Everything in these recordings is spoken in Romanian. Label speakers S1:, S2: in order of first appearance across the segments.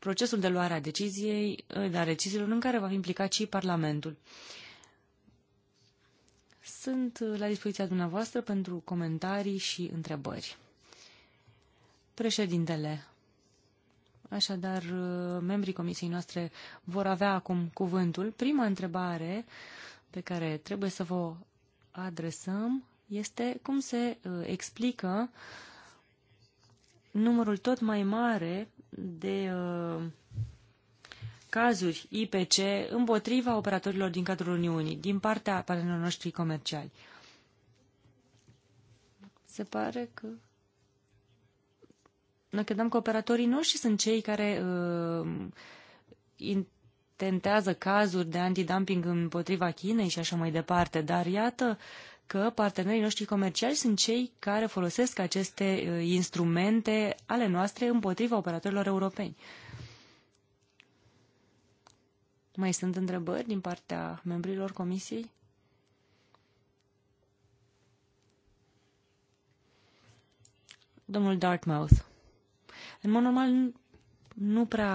S1: procesul de luare a deciziei, eh, a deciziilor în care va fi implicat și Parlamentul. Sunt eh, la dispoziția dumneavoastră pentru comentarii și întrebări. Președintele, așadar, eh, membrii comisiei noastre vor avea acum cuvântul. Prima întrebare pe care trebuie să vă adresăm este cum se explică numărul tot mai mare de uh, cazuri IPC împotriva operatorilor din cadrul Uniunii, din partea partenerilor noștri comerciali. Se pare că... Noi credeam că operatorii noștri sunt cei care uh, intentează cazuri de antidumping împotriva Chinei și așa mai departe, dar iată, uh, că partenerii noștri comerciali sunt cei care folosesc aceste uh, instrumente ale noastre împotriva operatorilor europeni. Mai sunt întrebări din partea membrilor comisiei? Domnul Dartmouth. În mod normal, nu prea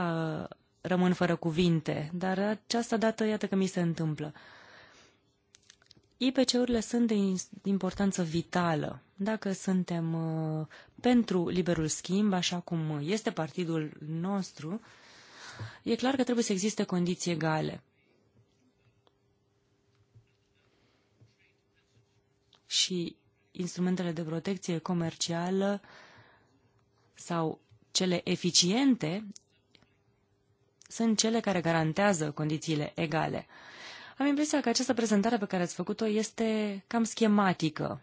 S1: rămân fără cuvinte, dar această dată, iată că mi se întâmplă. Uh, IPC-urile sunt de importanță vitală. Dacă suntem uh, pentru liberul schimb, așa cum este partidul nostru, e clar că trebuie să existe condiții egale. Și instrumentele de protecție comercială sau cele eficiente sunt cele care garantează condițiile egale. Am impresia că această prezentare pe care ați făcut-o este cam schematică.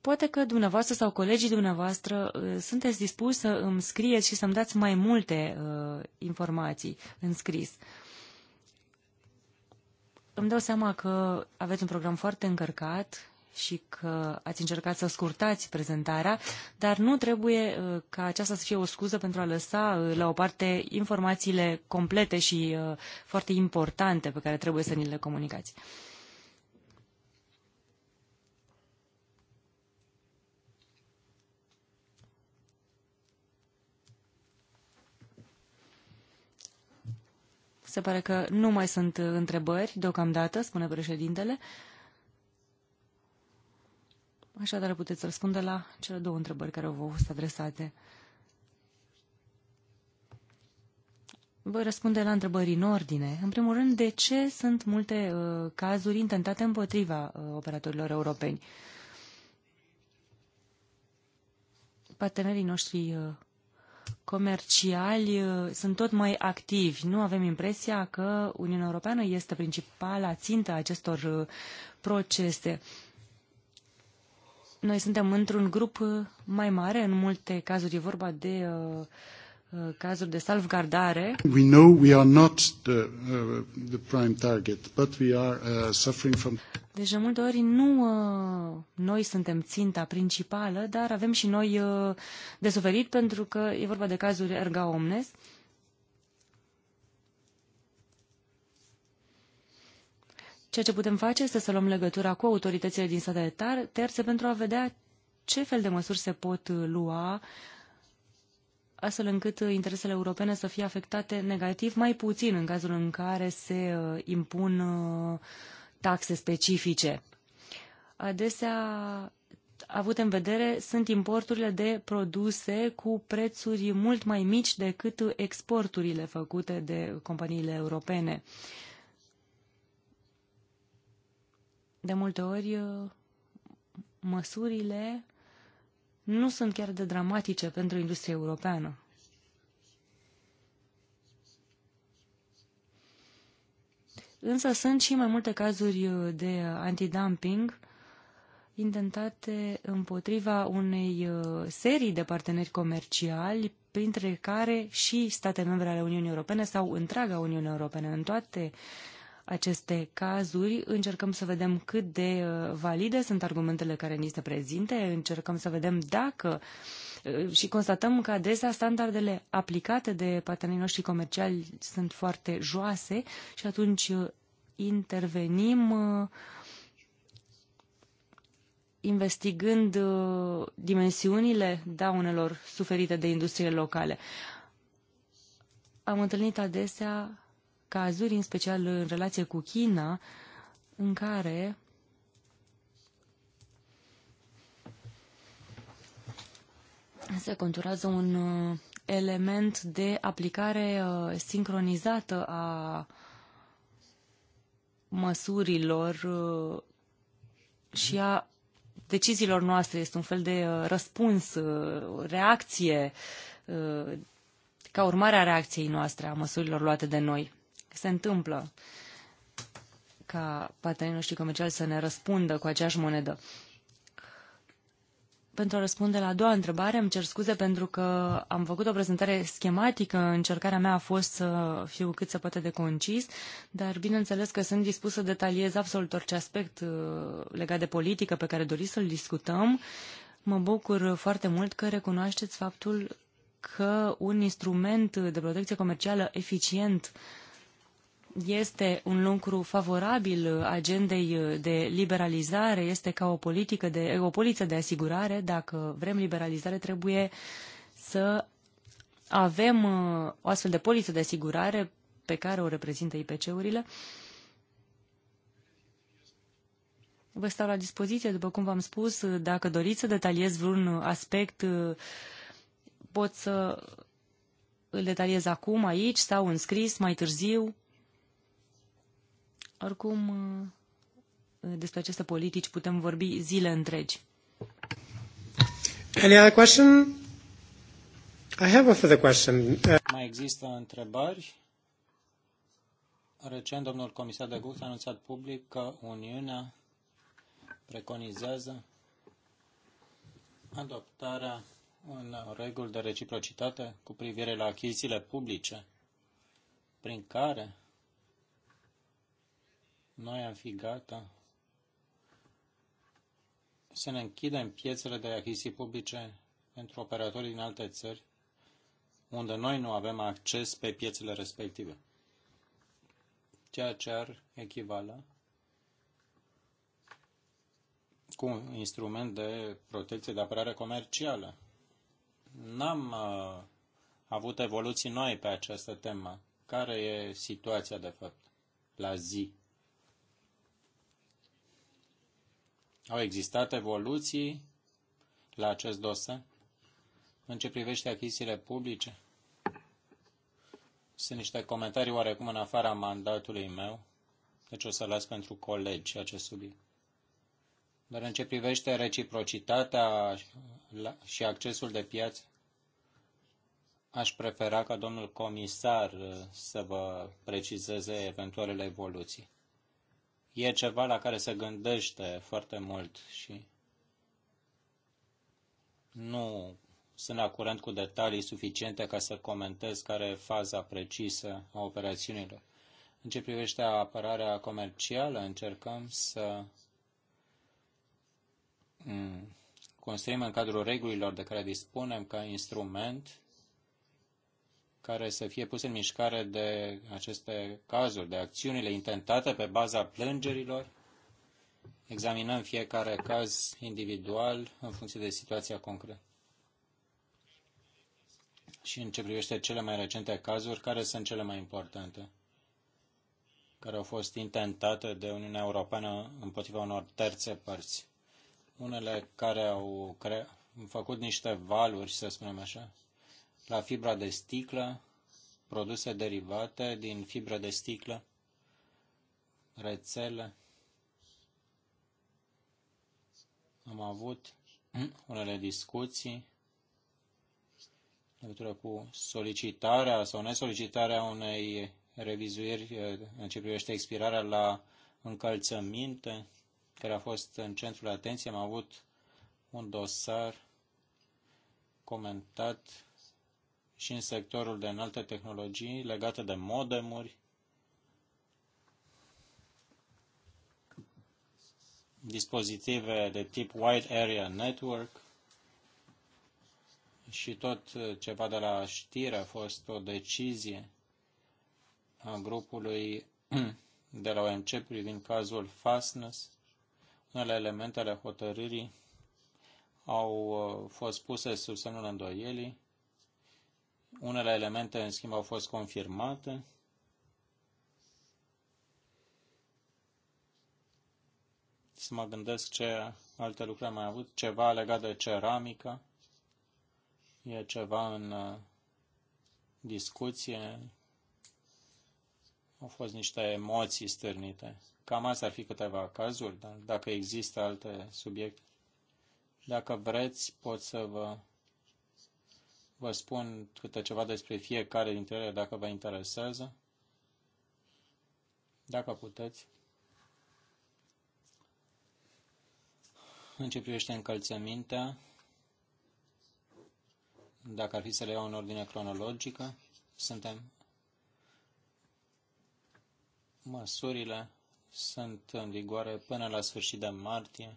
S1: Poate că dumneavoastră sau colegii dumneavoastră uh, sunteți dispuși să îmi scrieți și să-mi dați mai multe uh, informații în scris. Îmi dau seama că aveți un program foarte încărcat și că ați încercat să scurtați prezentarea, dar nu trebuie uh, ca aceasta să fie o scuză pentru a lăsa uh, la o parte informațiile complete și uh, foarte importante pe care trebuie să ni le comunicați. Se pare că nu mai sunt întrebări deocamdată, spune președintele. Așadar, puteți răspunde la cele două întrebări care v-au fost adresate. Voi răspunde la întrebări în ordine. În primul rând, de ce sunt multe uh, cazuri intentate împotriva uh, operatorilor europeni? Partenerii noștri uh, comerciali uh, sunt tot mai activi. Nu avem impresia că Uniunea Europeană este principala țintă a acestor uh, procese. Uh, noi suntem într-un grup mai mare, în multe cazuri e vorba de uh, uh, cazuri de salvgardare.
S2: We know we are not the, uh, the prime target, but we are uh, suffering from
S1: Deja deci multe ori nu uh, noi suntem ținta principală, dar avem și noi uh, de suferit pentru că e vorba de cazuri erga omnes. Uh, Ceea ce putem face este să luăm legătura cu autoritățile din statele terțe pentru a vedea ce fel de măsuri se pot uh, lua astfel încât uh, interesele europene să fie afectate negativ, mai puțin în cazul în care se uh, impun taxe specifice. Adesea, avut în vedere, sunt importurile de produse cu prețuri mult mai mici decât exporturile făcute de companiile europene. de multe ori uh, măsurile nu sunt chiar de dramatice pentru industria europeană. Însă sunt și mai multe cazuri uh, de antidumping intentate împotriva unei uh, serii de parteneri comerciali, printre care și state membre ale Uniunii Europene sau întreaga Uniune Europeană. În toate aceste cazuri, încercăm să vedem cât de uh, valide sunt argumentele care ni se prezinte, încercăm să vedem dacă uh, și constatăm că adesea standardele aplicate de partenerii noștri comerciali sunt foarte joase și atunci uh, intervenim investigând dimensiunile daunelor suferite de industriile locale. Am întâlnit adesea cazuri, în special în relație cu China, în care se conturează un uh, element de aplicare uh, sincronizată a măsurilor uh, și a deciziilor noastre. Este un fel de răspuns, reacție, ca urmare a reacției noastre, a măsurilor luate de noi se întâmplă ca partenerii noștri comerciali să ne răspundă cu aceeași monedă. Pentru a răspunde la a doua întrebare, îmi cer scuze pentru că am făcut o prezentare schematică, încercarea mea a fost să fiu cât se poate de concis, dar bineînțeles că sunt dispus să detaliez absolut orice aspect uh, legat de politică pe care doriți să-l discutăm. Mă bucur foarte mult că recunoașteți faptul că un instrument de protecție comercială eficient uh, este un lucru favorabil agendei de liberalizare, este ca o politică de o poliță de asigurare, dacă vrem liberalizare trebuie să avem uh, o astfel de poliță de asigurare pe care o reprezintă IPC-urile. Vă stau la dispoziție, după cum v-am spus, dacă doriți să detaliez vreun aspect, uh, pot să îl detaliez acum, aici, sau în scris, mai târziu. Oricum, uh, despre aceste politici putem vorbi zile întregi.
S2: Any other question? I have a further question. Mai există întrebări? Recent, domnul comisar de Gucht a anunțat public că Uniunea preconizează adoptarea în reguli de reciprocitate cu privire la achizițiile publice, prin care noi am fi gata să ne închidem piețele de achiziții publice pentru operatorii din alte țări, unde noi nu avem acces pe piețele respective. Ceea ce ar echivala cu un instrument de protecție de apărare comercială. N-am uh, avut evoluții noi pe această temă. Care e situația, de fapt, la zi? Au existat evoluții la acest dosar în ce privește achizițiile publice? Sunt niște comentarii oarecum în afara mandatului meu, deci o să las pentru colegi acest subiect. Dar în ce privește reciprocitatea și accesul de piață, aș prefera ca domnul comisar uh, să vă precizeze eventualele evoluții e ceva la care se gândește foarte mult și nu sunt la curent cu detalii suficiente ca să comentez care e faza precisă a operațiunilor. În ce privește apărarea comercială, încercăm să mm, construim în cadrul regulilor de care dispunem ca instrument care să fie puse în mișcare de aceste cazuri, de acțiunile intentate pe baza plângerilor. Examinăm fiecare caz individual în funcție de situația concretă. Și în ce privește cele mai recente cazuri, care sunt cele mai importante? care au fost intentate de Uniunea Europeană împotriva unor terțe părți. Unele care au făcut niște valuri, să spunem așa, la fibra de sticlă, produse derivate din fibra de sticlă, rețele. Am avut unele discuții legătură cu solicitarea sau nesolicitarea unei revizuiri eh, în ce privește expirarea la încălțăminte, care a fost în centrul atenției. Am avut un dosar comentat și în sectorul de înalte tehnologii legate de modemuri, dispozitive de tip Wide Area Network și tot uh, ceva de la știre a fost o decizie a grupului de la OMC privind cazul Fastness. Unele elemente ale hotărârii au uh, fost puse sub semnul îndoielii unele elemente, în schimb, au fost confirmate. Să mă gândesc ce alte lucruri am mai avut. Ceva legat de ceramică. E ceva în uh, discuție. Au fost niște emoții stârnite. Cam asta ar fi câteva cazuri, dar dacă există alte subiecte. Dacă vreți, pot să vă Vă spun câte ceva despre fiecare dintre ele, dacă vă interesează. Dacă puteți. În ce privește încălțămintea, dacă ar fi să le iau în ordine cronologică, suntem măsurile sunt în vigoare până la sfârșit de martie.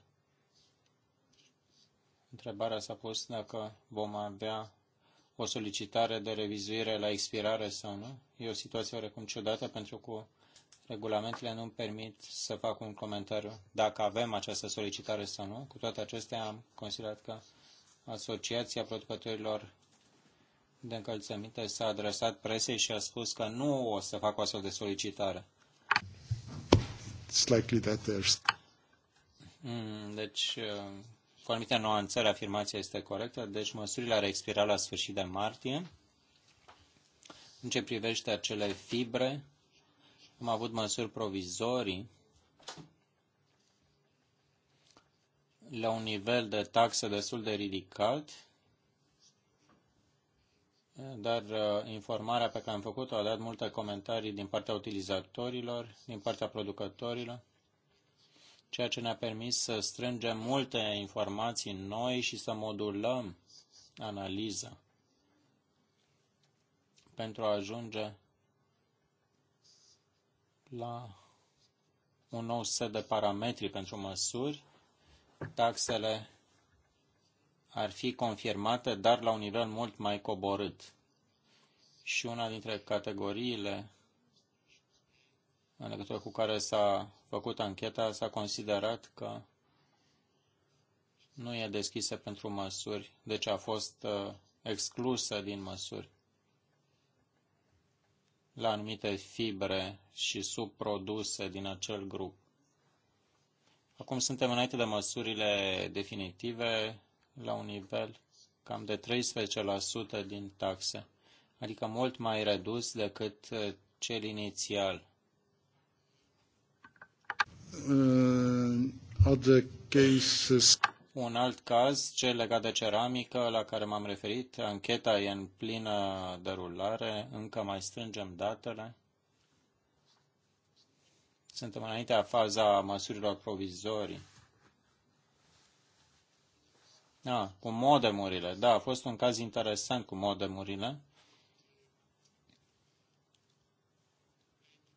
S2: Întrebarea s-a pus dacă vom avea o solicitare de revizuire la expirare sau nu. E o situație oarecum ciudată pentru că regulamentele nu-mi permit să fac un comentariu dacă avem această solicitare sau nu. Cu toate acestea am considerat că Asociația Producătorilor de încălțăminte s-a adresat presei și a spus că nu o să fac o astfel de solicitare.
S3: It's likely that
S2: there's... Mm, deci uh, cu anumite nuanțări, afirmația este corectă, deci măsurile ar expira la sfârșit de martie. În ce privește acele fibre, am avut măsuri provizorii la un nivel de taxă destul de ridicat, dar uh, informarea pe care am făcut-o a dat multe comentarii din partea utilizatorilor, din partea producătorilor ceea ce ne-a permis să strângem multe informații noi și să modulăm analiza pentru a ajunge la un nou set de parametri pentru măsuri. Taxele ar fi confirmate, dar la un nivel mult mai coborât. Și una dintre categoriile în legătură cu care s-a făcut ancheta, s-a considerat că nu e deschisă pentru măsuri, deci a fost uh, exclusă din măsuri la anumite fibre și subproduse din acel grup. Acum suntem înainte de măsurile definitive la un nivel cam de 13% din taxe, adică mult mai redus decât uh, cel inițial
S3: Uh, other cases.
S2: Un alt caz, cel legat de ceramică la care m-am referit, ancheta e în plină derulare, încă mai strângem datele. Suntem înaintea faza măsurilor provizorii. Ah, cu modemurile. Da, a fost un caz interesant cu modemurile.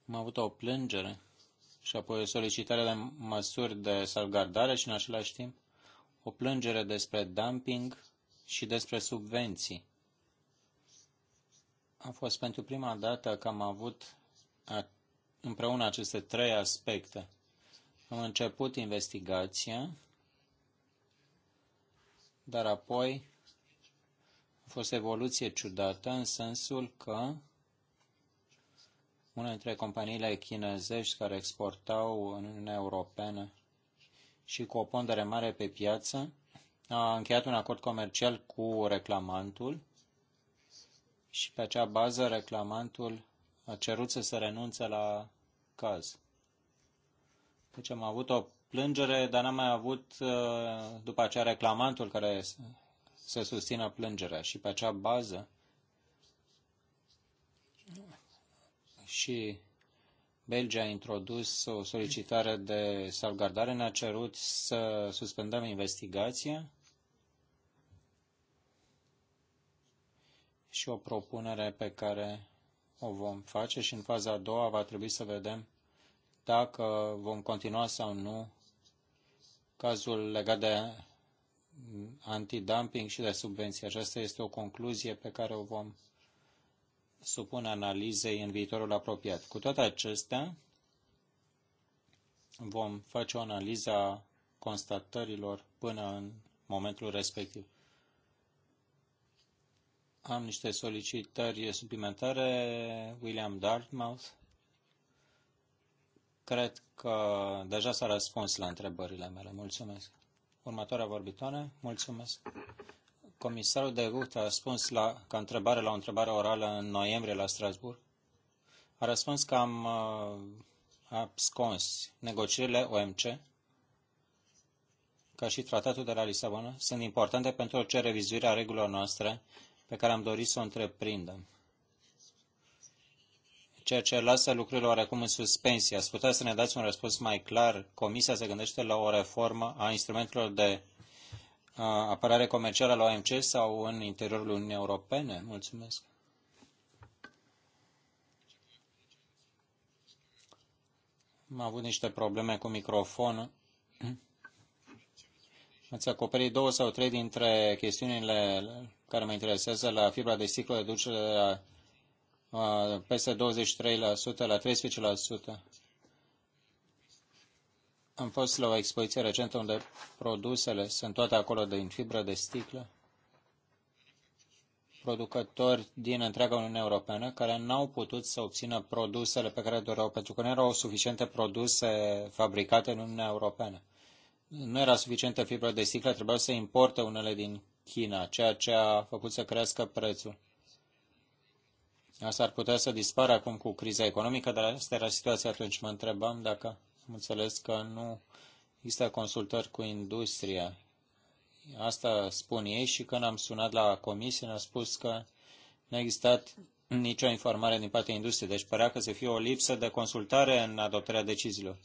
S2: Am avut o plângere și apoi o solicitare de măsuri de salvgardare și în același timp o plângere despre dumping și despre subvenții. A fost pentru prima dată că am avut împreună aceste trei aspecte. Am început investigația, dar apoi a fost evoluție ciudată în sensul că una dintre companiile chinezești care exportau în Uniunea Europeană și cu o pondere mare pe piață a încheiat un acord comercial cu reclamantul și pe acea bază reclamantul a cerut să se renunțe la caz. Deci am avut o plângere, dar n-am mai avut uh, după aceea reclamantul care să susțină plângerea și pe acea bază și Belgia a introdus o solicitare de salvgardare, ne-a cerut să suspendăm investigația și o propunere pe care o vom face și în faza a doua va trebui să vedem dacă vom continua sau nu cazul legat de antidumping și de subvenții. Aceasta este o concluzie pe care o vom supun analizei în viitorul apropiat. Cu toate acestea, vom face o analiză a constatărilor până în momentul respectiv. Am niște solicitări suplimentare. William Dartmouth. Cred că deja s-a răspuns la întrebările mele. Mulțumesc. Următoarea vorbitoare. Mulțumesc. Comisarul de Gucht a răspuns la, ca întrebare la o întrebare orală în noiembrie la Strasburg. A răspuns că am uh, abscons negocierile OMC, ca și tratatul de la Lisabona, sunt importante pentru orice revizuire a regulilor noastre pe care am dorit să o întreprindem. Ceea ce lasă lucrurile oarecum în suspensie. Ați putea să ne dați un răspuns mai clar? Comisia se gândește la o reformă a instrumentelor de apărare comercială la OMC sau în interiorul Uniunii Europene? Mulțumesc. Am avut niște probleme cu microfonul. Ați acoperit două sau trei dintre chestiunile care mă interesează la fibra de sticlă de duce de la peste 23% la 13%. Am fost la o expoziție recentă unde produsele sunt toate acolo din fibră de sticlă, producători din întreaga Uniune Europeană care n-au putut să obțină produsele pe care doreau, pentru că nu erau suficiente produse fabricate în Uniunea Europeană. Nu era suficientă fibră de sticlă, trebuia să importe unele din China, ceea ce a făcut să crească prețul. Asta ar putea să dispară acum cu criza economică, dar asta era situația atunci. Mă întrebam dacă am înțeles că nu există consultări cu industria. Asta spun ei și când am sunat la comisie ne-a spus că nu a existat nicio informare din partea industriei, deci părea că să fie o lipsă de consultare în adoptarea deciziilor.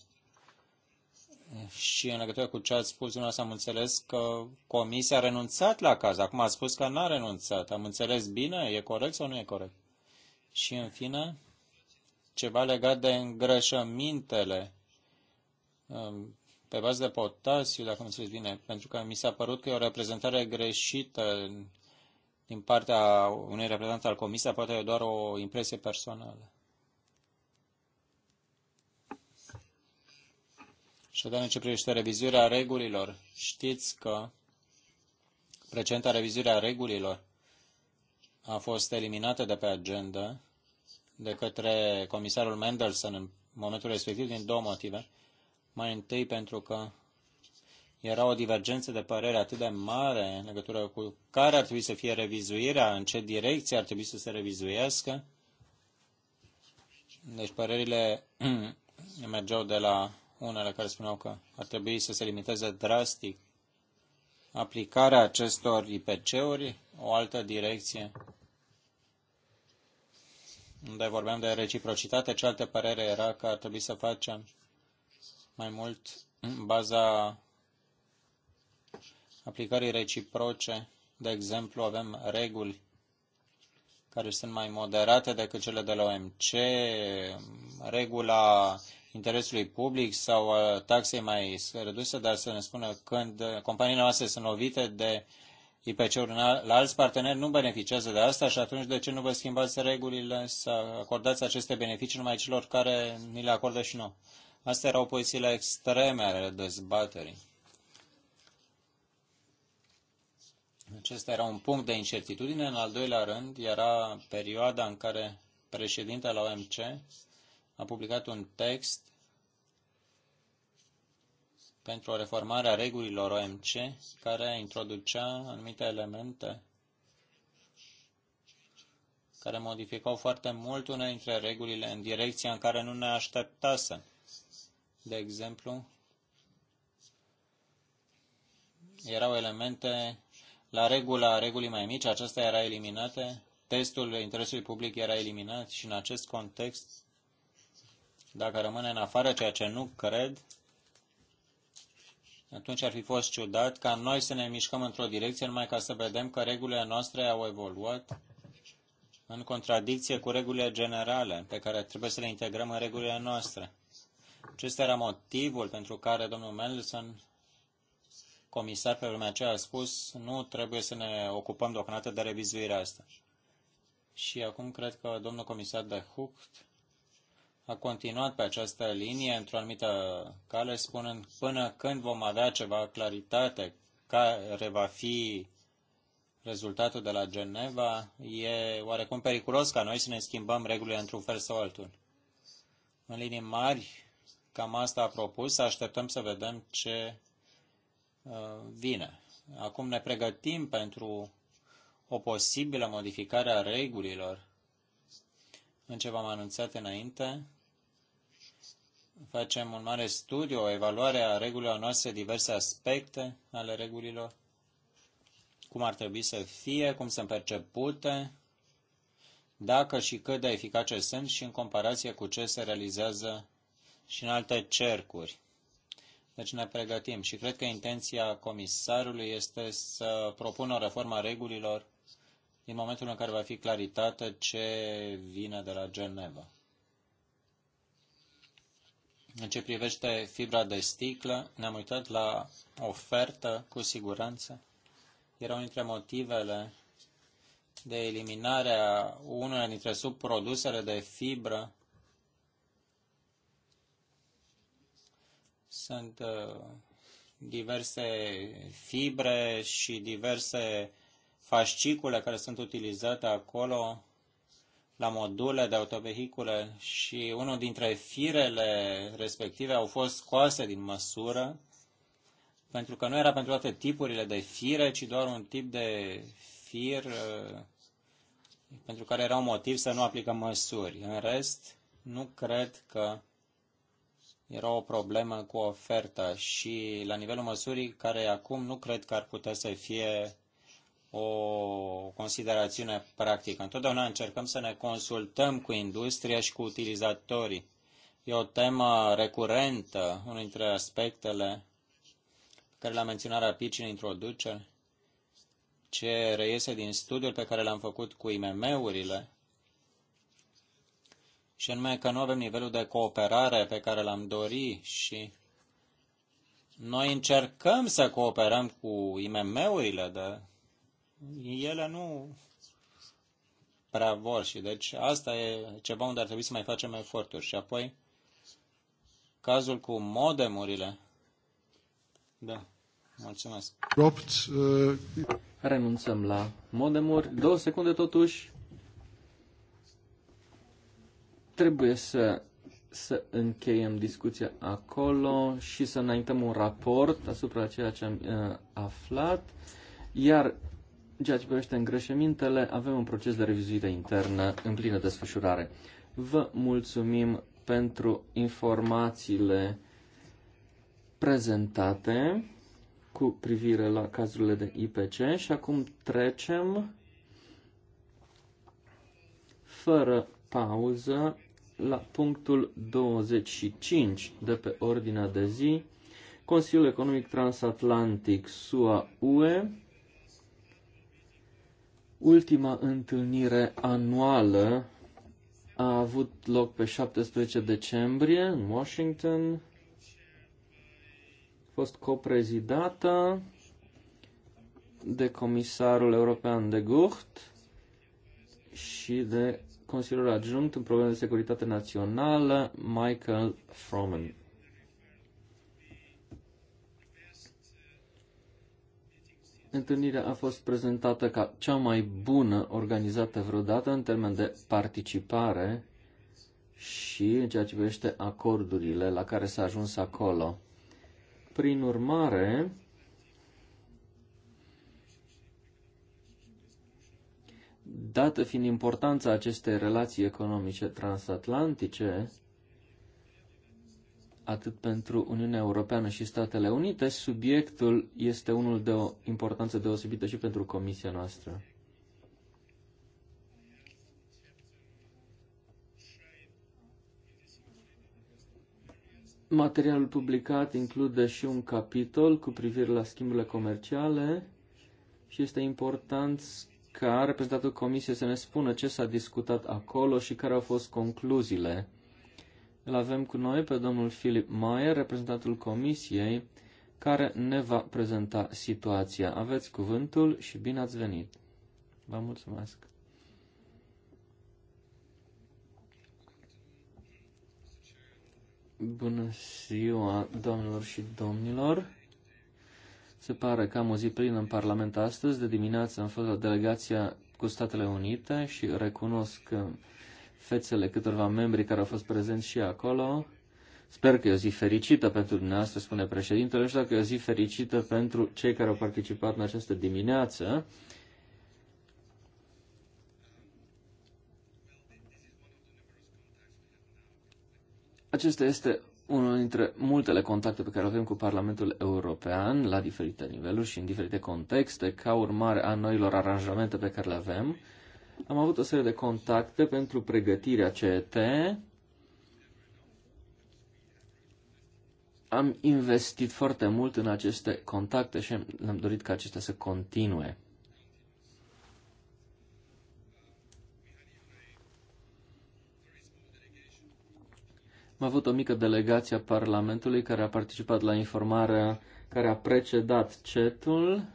S2: Și în legătură cu ce ați spus dumneavoastră, am înțeles că comisia a renunțat la caz. Acum a spus că n-a renunțat. Am înțeles bine? E corect sau nu e corect? Și în fine, ceva legat de îngrășămintele Um, pe bază de potasiu, dacă am înțeles bine, pentru că mi s-a părut că e o reprezentare greșită din partea unui reprezentant al comisiei, poate e doar o impresie personală. Și în ce privește revizuirea regulilor, știți că recenta revizuire a regulilor a fost eliminată de pe agenda de către comisarul Mendelssohn în momentul respectiv din două motive. Mai întâi pentru că era o divergență de părere atât de mare în legătură cu care ar trebui să fie revizuirea, în ce direcție ar trebui să se revizuiască. Deci părerile mergeau de la unele care spuneau că ar trebui să se limiteze drastic aplicarea acestor IPC-uri, o altă direcție unde vorbeam de reciprocitate, cealaltă părere era că ar trebui să facem mai mult, în baza aplicării reciproce, de exemplu, avem reguli care sunt mai moderate decât cele de la OMC, regula interesului public sau taxei mai reduse, dar să ne spună când companiile noastre sunt lovite de IPC-uri la alți parteneri nu beneficiază de asta și atunci de ce nu vă schimbați regulile să acordați aceste beneficii numai celor care ni le acordă și nouă? Astea erau pozițiile extreme ale dezbaterii. Acesta era un punct de incertitudine. În al doilea rând, era perioada în care președintele OMC a publicat un text pentru o reformare a regulilor OMC care introducea anumite elemente care modificau foarte mult unele dintre regulile în direcția în care nu ne așteptasem de exemplu, erau elemente la regula regulii mai mici, Acestea era eliminată, testul interesului public era eliminat și în acest context, dacă rămâne în afară, ceea ce nu cred, atunci ar fi fost ciudat ca noi să ne mișcăm într-o direcție numai ca să vedem că regulile noastre au evoluat în contradicție cu regulile generale pe care trebuie să le integrăm în regulile noastre. Acesta era motivul pentru care domnul Mendelssohn, comisar pe vremea aceea, a spus nu trebuie să ne ocupăm deocamdată de revizuirea asta. Și acum cred că domnul comisar de Hucht a continuat pe această linie într-o anumită cale, spunând până când vom avea ceva claritate care va fi rezultatul de la Geneva, e oarecum periculos ca noi să ne schimbăm regulile într-un fel sau altul. În linii mari, Cam asta a propus, Să așteptăm să vedem ce uh, vine. Acum ne pregătim pentru o posibilă modificare a regulilor. În ce v-am anunțat înainte, facem un mare studiu, o evaluare a regulilor noastre, diverse aspecte ale regulilor, cum ar trebui să fie, cum sunt percepute, dacă și cât de eficace sunt și în comparație cu ce se realizează și în alte cercuri. Deci ne pregătim și cred că intenția comisarului este să propună o reformă a regulilor din momentul în care va fi claritate ce vine de la Geneva. În ce privește fibra de sticlă, ne-am uitat la ofertă, cu siguranță. Era unul dintre motivele de eliminarea unora dintre subprodusele de fibră Sunt uh, diverse fibre și diverse fascicule care sunt utilizate acolo la module de autovehicule și unul dintre firele respective au fost scoase din măsură pentru că nu era pentru toate tipurile de fire, ci doar un tip de fir uh, pentru care era un motiv să nu aplicăm măsuri. În rest, nu cred că era o problemă cu oferta și la nivelul măsurii care acum nu cred că ar putea să fie o considerațiune practică. Întotdeauna încercăm să ne consultăm cu industria și cu utilizatorii. E o temă recurentă, unul dintre aspectele care l-am menționat rapid și în introducere, ce reiese din studiul pe care l-am făcut cu IMM-urile și anume că nu avem nivelul de cooperare pe care l-am dori și noi încercăm să cooperăm cu IMM-urile, dar ele nu prea vor și deci asta e ceva unde ar trebui să mai facem eforturi. Și apoi cazul cu modemurile. Da, mulțumesc.
S3: Uh, Renunțăm la modemuri. Două secunde totuși. Trebuie să, să încheiem discuția acolo și să înaintăm un raport asupra ceea ce am uh, aflat, iar ceea ce privește îngrășămintele, avem un proces de revizuire internă în plină desfășurare. Vă mulțumim pentru informațiile prezentate cu privire la cazurile de IPC și acum trecem fără pauză la punctul 25 de pe ordinea de zi, Consiliul Economic Transatlantic SUA-UE, ultima întâlnire anuală a avut loc pe 17 decembrie în Washington, a fost coprezidată de comisarul european de Gucht și de consilier adjunct în probleme de securitate națională, Michael Froman. Întâlnirea a fost prezentată ca cea mai bună organizată vreodată în termen de participare și în ceea ce privește acordurile la care s-a ajuns acolo. Prin urmare, dată fiind importanța acestei relații economice transatlantice, atât pentru Uniunea Europeană și Statele Unite, subiectul este unul de o importanță deosebită și pentru Comisia noastră. Materialul publicat include și un capitol cu privire la schimburile comerciale și este important ca reprezentantul comisiei să ne spună ce s-a discutat acolo și care au fost concluziile. Îl avem cu noi pe domnul Philip Mayer, reprezentantul comisiei, care ne va prezenta situația. Aveți cuvântul și bine ați venit. Vă mulțumesc. Bună ziua, doamnelor și domnilor. Se pare că am o zi plină în Parlament astăzi. De dimineață am fost la delegația cu Statele Unite și recunosc uh, fețele câtorva membri care au fost prezenți și acolo. Sper că e o zi fericită pentru dumneavoastră, spune președintele, nu știu dacă e o zi fericită pentru cei care au participat în această dimineață. Acesta este unul dintre multele contacte pe care le avem cu Parlamentul European la diferite niveluri și în diferite contexte, ca urmare a noilor aranjamente pe care le avem. Am avut o serie de contacte pentru pregătirea CET. Am investit foarte mult în aceste contacte și ne-am dorit ca acestea să continue. Am avut o mică delegație a Parlamentului care a participat la informarea care a precedat cetul.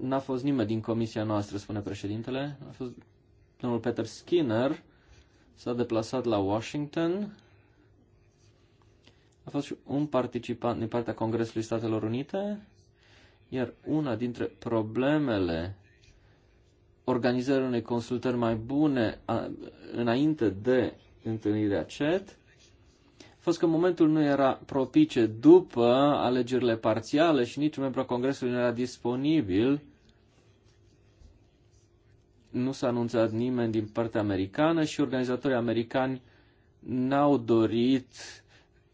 S3: N-a fost nimeni din comisia noastră, spune președintele. A fost domnul Peter Skinner, s-a deplasat la Washington. A fost și un participant din partea Congresului Statelor Unite, iar una dintre problemele organizării unei consultări mai bune a, înainte de întâlnirea CET a fost că momentul nu era propice după alegerile parțiale și niciun membru al Congresului nu era disponibil. Nu s-a anunțat nimeni din partea americană și organizatorii americani n-au dorit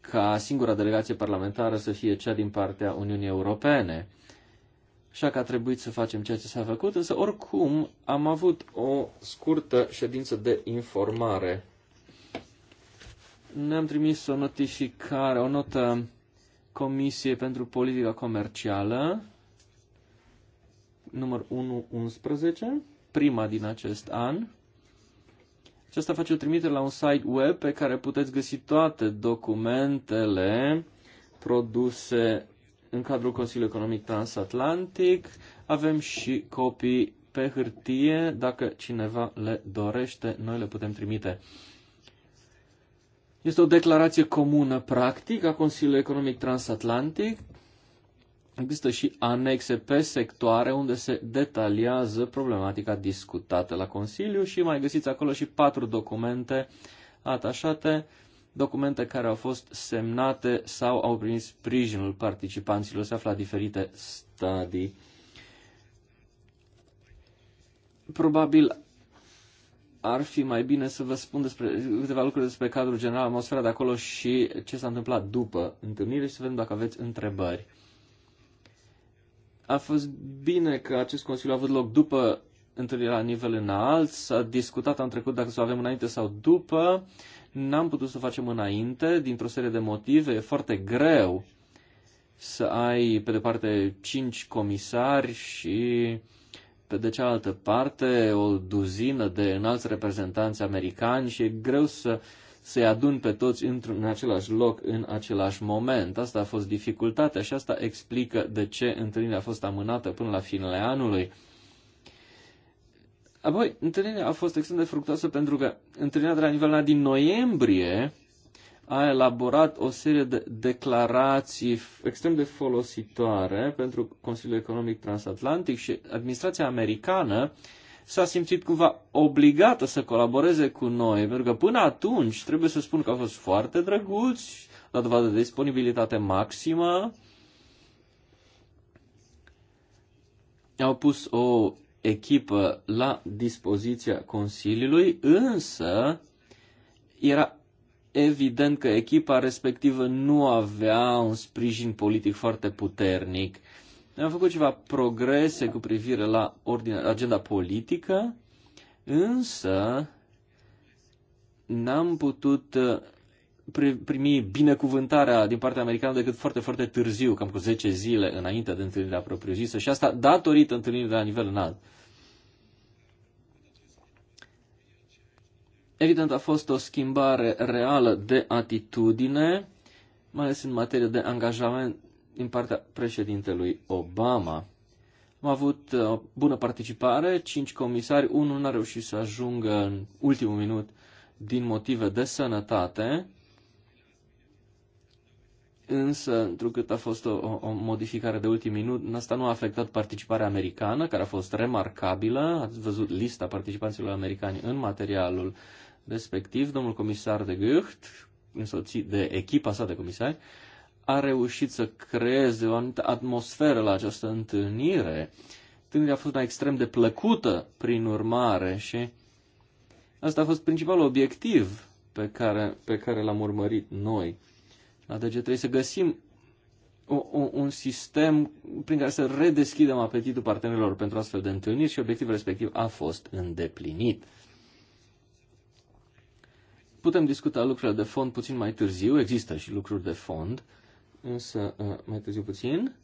S3: ca singura delegație parlamentară să fie cea din partea Uniunii Europene. Așa că a trebuit să facem ceea ce s-a făcut, însă oricum am avut o scurtă ședință de informare ne-am trimis o notificare, o notă Comisie pentru Politica Comercială, număr 111, prima din acest an. Aceasta face o trimitere la un site web pe care puteți găsi toate documentele produse în cadrul Consiliului Economic Transatlantic. Avem și copii pe hârtie, dacă cineva le dorește, noi le putem trimite. Este o declarație comună, practic, a Consiliului Economic Transatlantic. Există și anexe pe sectoare unde se detaliază problematica discutată la Consiliu și mai găsiți acolo și patru documente atașate, documente care au fost semnate sau au primit sprijinul participanților, se află la diferite stadii. Probabil ar fi mai bine să vă spun despre câteva lucruri despre cadrul general, atmosfera de acolo și ce s-a întâmplat după întâlnire și să vedem dacă aveți întrebări. A fost bine că acest consiliu a avut loc după întâlnirea la nivel înalt, s-a discutat am trecut dacă să o avem înainte sau după, n-am putut să o facem înainte dintr-o serie de motive, e foarte greu să ai pe de parte cinci comisari și pe de cealaltă parte, o duzină de înalți reprezentanți americani și e greu să să-i adun pe toți într în același loc, în același moment. Asta a fost dificultatea și asta explică de ce întâlnirea a fost amânată până la finele anului. Apoi, întâlnirea a fost extrem de fructoasă pentru că întâlnirea de la nivel din noiembrie a elaborat o serie de declarații extrem de folositoare pentru Consiliul Economic Transatlantic și administrația americană s-a simțit cumva obligată să colaboreze cu noi, pentru că până atunci trebuie să spun că au fost foarte drăguți, la dovadă de disponibilitate maximă, au pus o echipă la dispoziția Consiliului, însă era evident că echipa respectivă nu avea un sprijin politic foarte puternic. Am făcut ceva progrese cu privire la ordine, agenda politică, însă n-am putut uh, primi binecuvântarea din partea americană decât foarte, foarte târziu, cam cu 10 zile înainte de întâlnirea propriu-zisă și asta datorită întâlnirii de la nivel înalt. Evident, a fost o schimbare reală de atitudine, mai ales în materie de angajament din partea președintelui Obama. Am avut uh, o bună participare, cinci comisari, unul n-a reușit să ajungă în ultimul minut din motive de sănătate, însă, întrucât a fost o, o modificare de ultim minut, asta nu a afectat participarea americană, care a fost remarcabilă. Ați văzut lista participanților americani în materialul respectiv domnul comisar de Gucht, însoțit de echipa sa de comisari, a reușit să creeze o anumită atmosferă la această întâlnire. Întâlnirea a fost una extrem de plăcută, prin urmare, și asta a fost principalul obiectiv pe care, pe care l-am urmărit noi. La DG trebuie să găsim o, o, un sistem prin care să redeschidem apetitul partenerilor pentru astfel de întâlniri și obiectivul respectiv a fost îndeplinit. Putem discuta lucrurile de fond puțin mai târziu, există și lucruri de fond, însă uh, mai târziu puțin.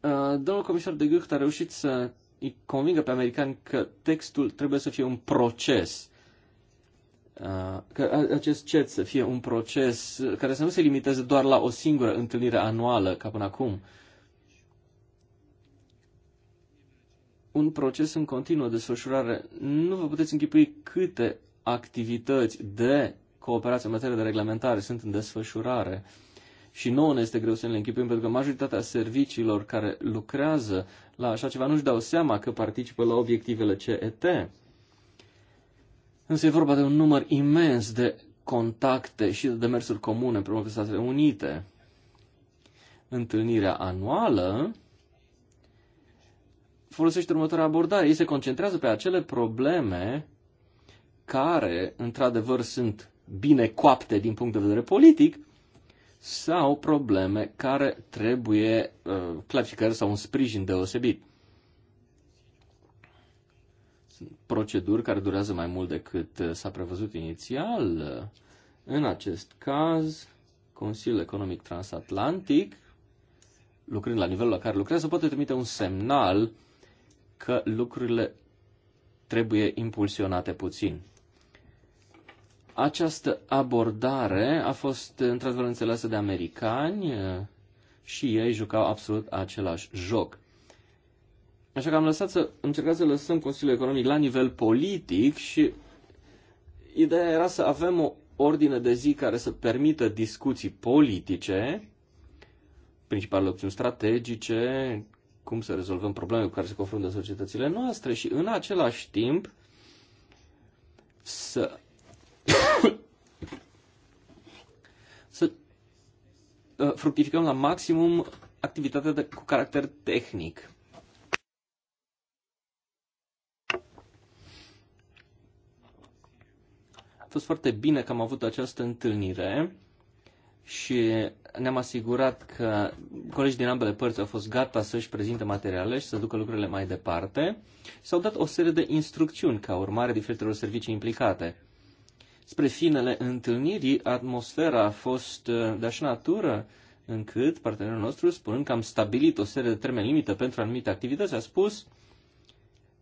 S3: Uh, domnul comisar de Gucht a reușit să îi convingă pe americani că textul trebuie să fie un proces, uh, că acest cet să fie un proces care să nu se limiteze doar la o singură întâlnire anuală, ca până acum, un proces în continuă desfășurare. Nu vă puteți închipui câte activități de cooperație în materie de reglementare sunt în desfășurare. Și nouă ne este greu să ne închipuim, pentru că majoritatea serviciilor care lucrează la așa ceva nu-și dau seama că participă la obiectivele CET. Însă e vorba de un număr imens de contacte și de demersuri comune în primul Statele Unite. Întâlnirea anuală folosește următoarea abordare. Ei se concentrează pe acele probleme care, într-adevăr, sunt bine coapte din punct de vedere politic sau probleme care trebuie uh, clarificări sau un sprijin deosebit. Sunt proceduri care durează mai mult decât uh, s-a prevăzut inițial. În acest caz, Consiliul Economic Transatlantic, lucrând la nivelul la care lucrează, poate trimite un semnal uh, că lucrurile trebuie impulsionate puțin. Această abordare a fost într-adevăr înțeleasă de americani și ei jucau absolut același joc. Așa că am lăsat să încercăm să lăsăm Consiliul Economic la nivel politic și ideea era să avem o ordine de zi care să permită discuții politice, principalele opțiuni strategice, cum să rezolvăm probleme cu care se confruntă societățile noastre și în același timp să să uh, fructificăm la maximum activitatea de, cu caracter tehnic. A fost foarte bine că am avut această întâlnire și ne-am asigurat că colegii din ambele părți au fost gata să își prezinte materiale și să ducă lucrurile mai departe. S-au dat o serie de instrucțiuni ca urmare diferitelor servicii implicate. Spre finele întâlnirii, atmosfera a fost uh, de așa natură încât partenerul nostru, spunând că am stabilit o serie de termeni limită pentru anumite activități, a spus –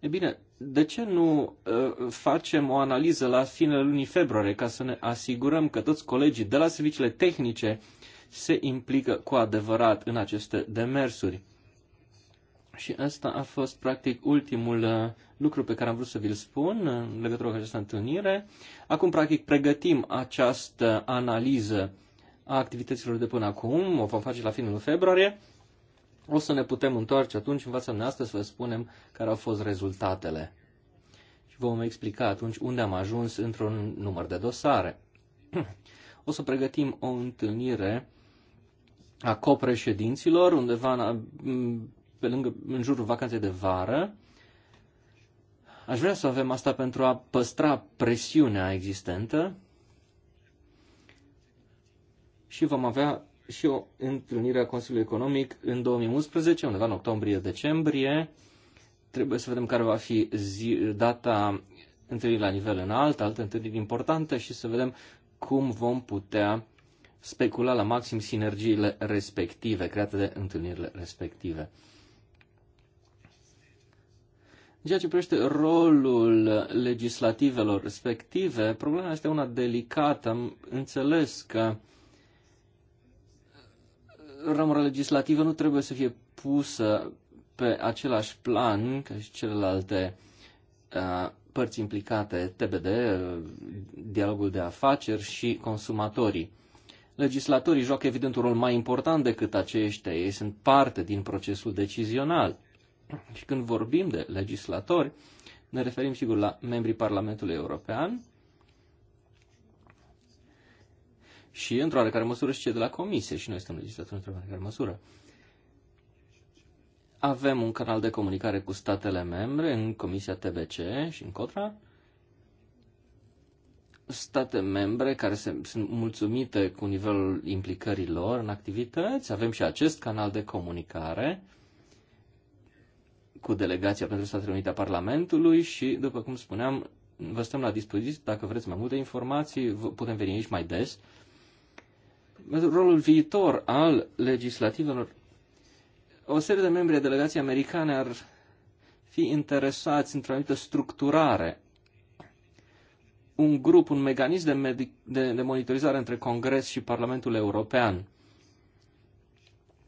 S3: E bine, de ce nu uh, facem o analiză la finele lunii februarie ca să ne asigurăm că toți colegii de la serviciile tehnice se implică cu adevărat în aceste demersuri? Și asta a fost practic ultimul lucru pe care am vrut să vi-l spun în legătură cu această întâlnire. Acum practic pregătim această analiză a activităților de până acum, o vom face la lunii februarie o să ne putem întoarce atunci în fața noastră să vă spunem care au fost rezultatele. Și vom explica atunci unde am ajuns într-un număr de dosare. O să pregătim o întâlnire a copreședinților undeva în, pe lângă, în jurul vacanței de vară. Aș vrea să avem asta pentru a păstra presiunea existentă și vom avea și o întâlnire a Consiliului Economic în 2011, undeva în octombrie-decembrie. Trebuie să vedem care va fi zi, data întâlnirii la nivel înalt, alte întâlniri importante și să vedem cum vom putea specula la maxim sinergiile respective, create de întâlnirile respective. În ceea ce privește rolul legislativelor respective, problema este una delicată. Am înțeles că ramura legislativă nu trebuie să fie pusă pe același plan ca și celelalte uh, părți implicate, TBD, uh, dialogul de afaceri și consumatorii. Legislatorii joacă evident un rol mai important decât aceștia, ei sunt parte din procesul decizional. Și când vorbim de legislatori, ne referim sigur la membrii Parlamentului European, și, într-o oarecare măsură, și cei de la comisie, și noi suntem legislatori într-o oarecare măsură. Avem un canal de comunicare cu statele membre în Comisia TBC și în COTRA, state membre care se, sunt mulțumite cu nivelul implicării lor în activități. Avem și acest canal de comunicare cu delegația pentru Statele Unite a Parlamentului și, după cum spuneam, vă stăm la dispoziție. Dacă vreți mai multe informații, putem veni aici mai des rolul viitor al legislativelor, o serie de membri ai delegației americane ar fi interesați într-o anumită structurare, un grup, un mecanism de, de, de monitorizare între Congres și Parlamentul European.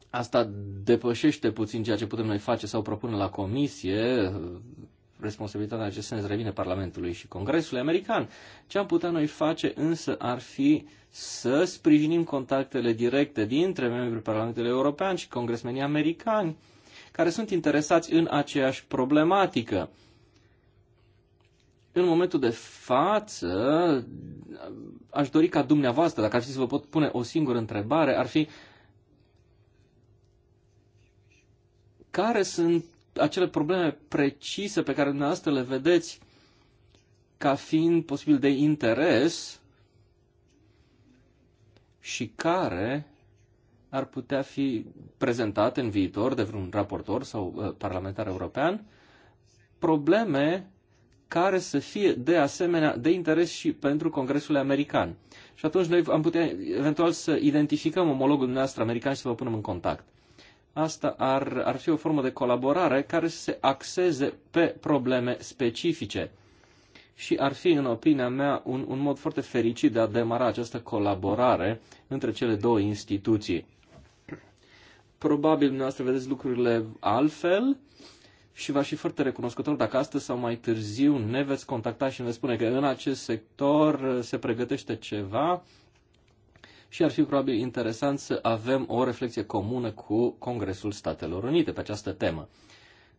S3: Asta depășește puțin ceea ce putem noi face sau propune la comisie, responsabilitatea în acest sens revine Parlamentului și Congresului American. Ce am putea noi face însă ar fi să sprijinim contactele directe dintre membrii Parlamentului European și congresmenii americani care sunt interesați în aceeași problematică. În momentul de față, aș dori ca dumneavoastră, dacă ar fi să vă pot pune o singură întrebare, ar fi care sunt acele probleme precise pe care dumneavoastră le vedeți ca fiind posibil de interes și care ar putea fi prezentate în viitor de vreun raportor sau uh, parlamentar european, probleme care să fie de asemenea de interes și pentru Congresul American. Și atunci noi am putea eventual să identificăm omologul dumneavoastră american și să vă punem în contact. Asta ar, ar fi o formă de colaborare care să se axeze pe probleme specifice și ar fi, în opinia mea, un, un mod foarte fericit de a demara această colaborare între cele două instituții. Probabil dumneavoastră vedeți lucrurile altfel și va fi foarte recunoscător dacă astăzi sau mai târziu ne veți contacta și ne veți spune că în acest sector se pregătește ceva și ar fi probabil interesant să avem o reflexie comună cu Congresul Statelor Unite pe această temă.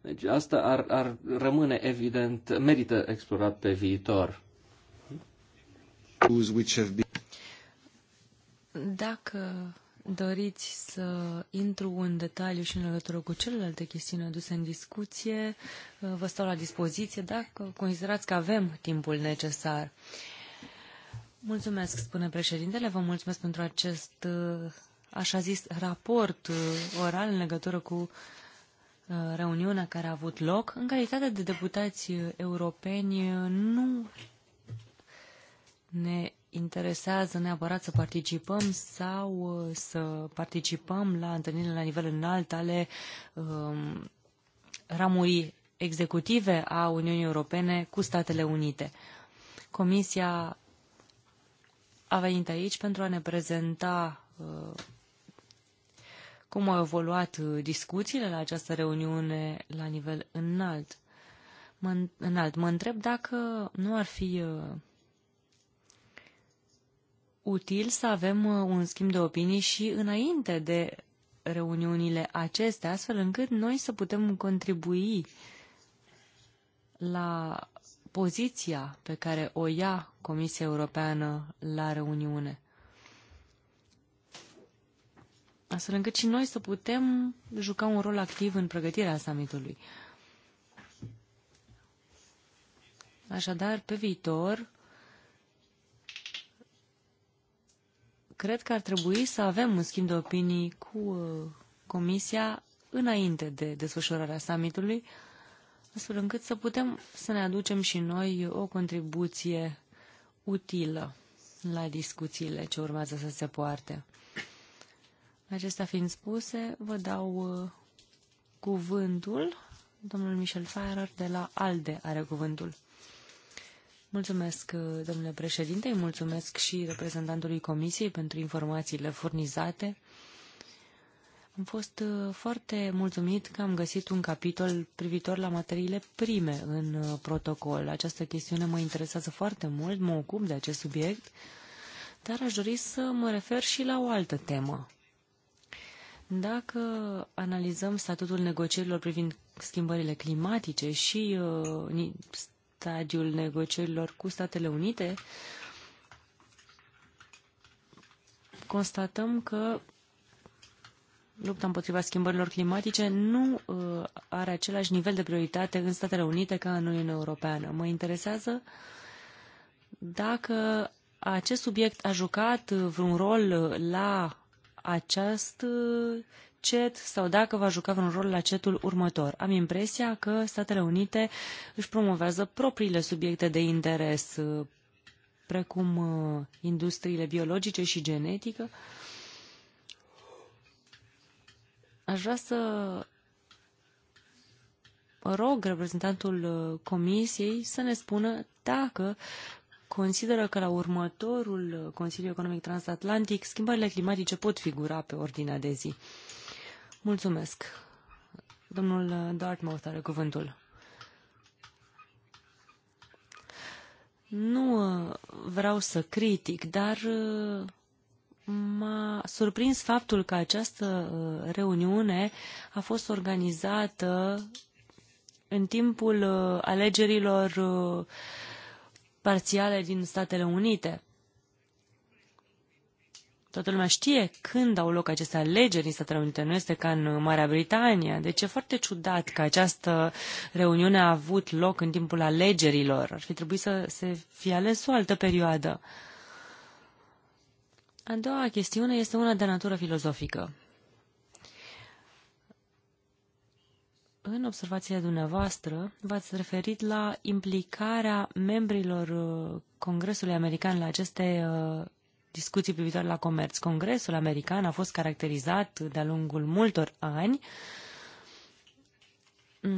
S3: Deci asta ar, ar rămâne evident, merită explorat pe viitor.
S1: Dacă doriți să intru în detaliu și în legătură cu celelalte chestiuni aduse în discuție, vă stau la dispoziție dacă considerați că avem timpul necesar. Mulțumesc, spune președintele. Vă mulțumesc pentru acest, uh, așa zis, raport uh, oral în legătură cu uh, reuniunea care a avut loc. În calitate de deputați europeni, nu ne interesează neapărat să participăm sau să participăm la întâlnirile la nivel înalt ale um, ramurii executive a Uniunii Europene cu Statele Unite. Comisia a venit aici pentru a ne prezenta uh, cum au evoluat uh, discuțiile la această reuniune la nivel înalt. Mă, înalt. mă întreb dacă nu ar fi uh, util să avem un schimb de opinii și înainte de reuniunile acestea, astfel încât noi să putem contribui la poziția pe care o ia Comisia Europeană la reuniune. Astfel încât și noi să putem juca un rol activ în pregătirea summitului. Așadar, pe viitor, cred că ar trebui să avem un schimb de opinii cu uh, Comisia înainte de desfășurarea summitului, astfel încât să putem să ne aducem și noi o contribuție utilă la discuțiile ce urmează să se poarte. Acestea fiind spuse, vă dau uh, cuvântul. Domnul Michel Farrer de la ALDE are cuvântul. Mulțumesc, uh, domnule președinte, mulțumesc și reprezentantului Comisiei pentru informațiile furnizate. Am fost uh, foarte mulțumit că am găsit un capitol privitor la materiile prime în uh, protocol. Această chestiune mă interesează foarte mult, mă ocup de acest subiect, dar aș dori să mă refer și la o altă temă. Dacă analizăm statutul negocierilor privind schimbările climatice și uh, stadiul negocierilor cu Statele Unite, constatăm că lupta împotriva schimbărilor climatice nu uh, are același nivel de prioritate în Statele Unite ca în Uniunea Europeană. Mă interesează dacă acest subiect a jucat vreun rol la acest uh, CET sau dacă va juca vreun rol la CET-ul următor. Am impresia că Statele Unite își promovează propriile subiecte de interes, uh, precum industriile biologice și genetică, Aș vrea să rog reprezentantul uh, Comisiei să ne spună dacă consideră că la următorul uh, Consiliu Economic Transatlantic schimbările climatice pot figura pe ordinea de zi. Mulțumesc. Domnul uh, Dartmouth are cuvântul. Nu vreau să critic, dar m-a surprins faptul că această uh, reuniune a fost organizată în timpul uh, alegerilor uh, parțiale din Statele Unite. Toată lumea știe când au loc aceste alegeri în Statele Unite, nu este ca în Marea Britanie. Deci e foarte ciudat că această reuniune a avut loc în timpul alegerilor. Ar fi trebuit să se fie ales o altă perioadă. Uh, a doua chestiune este una de natură filozofică. În observația dumneavoastră v-ați referit la implicarea membrilor uh, Congresului American la aceste uh, discuții privitoare la comerț. Congresul American a fost caracterizat de-a lungul multor ani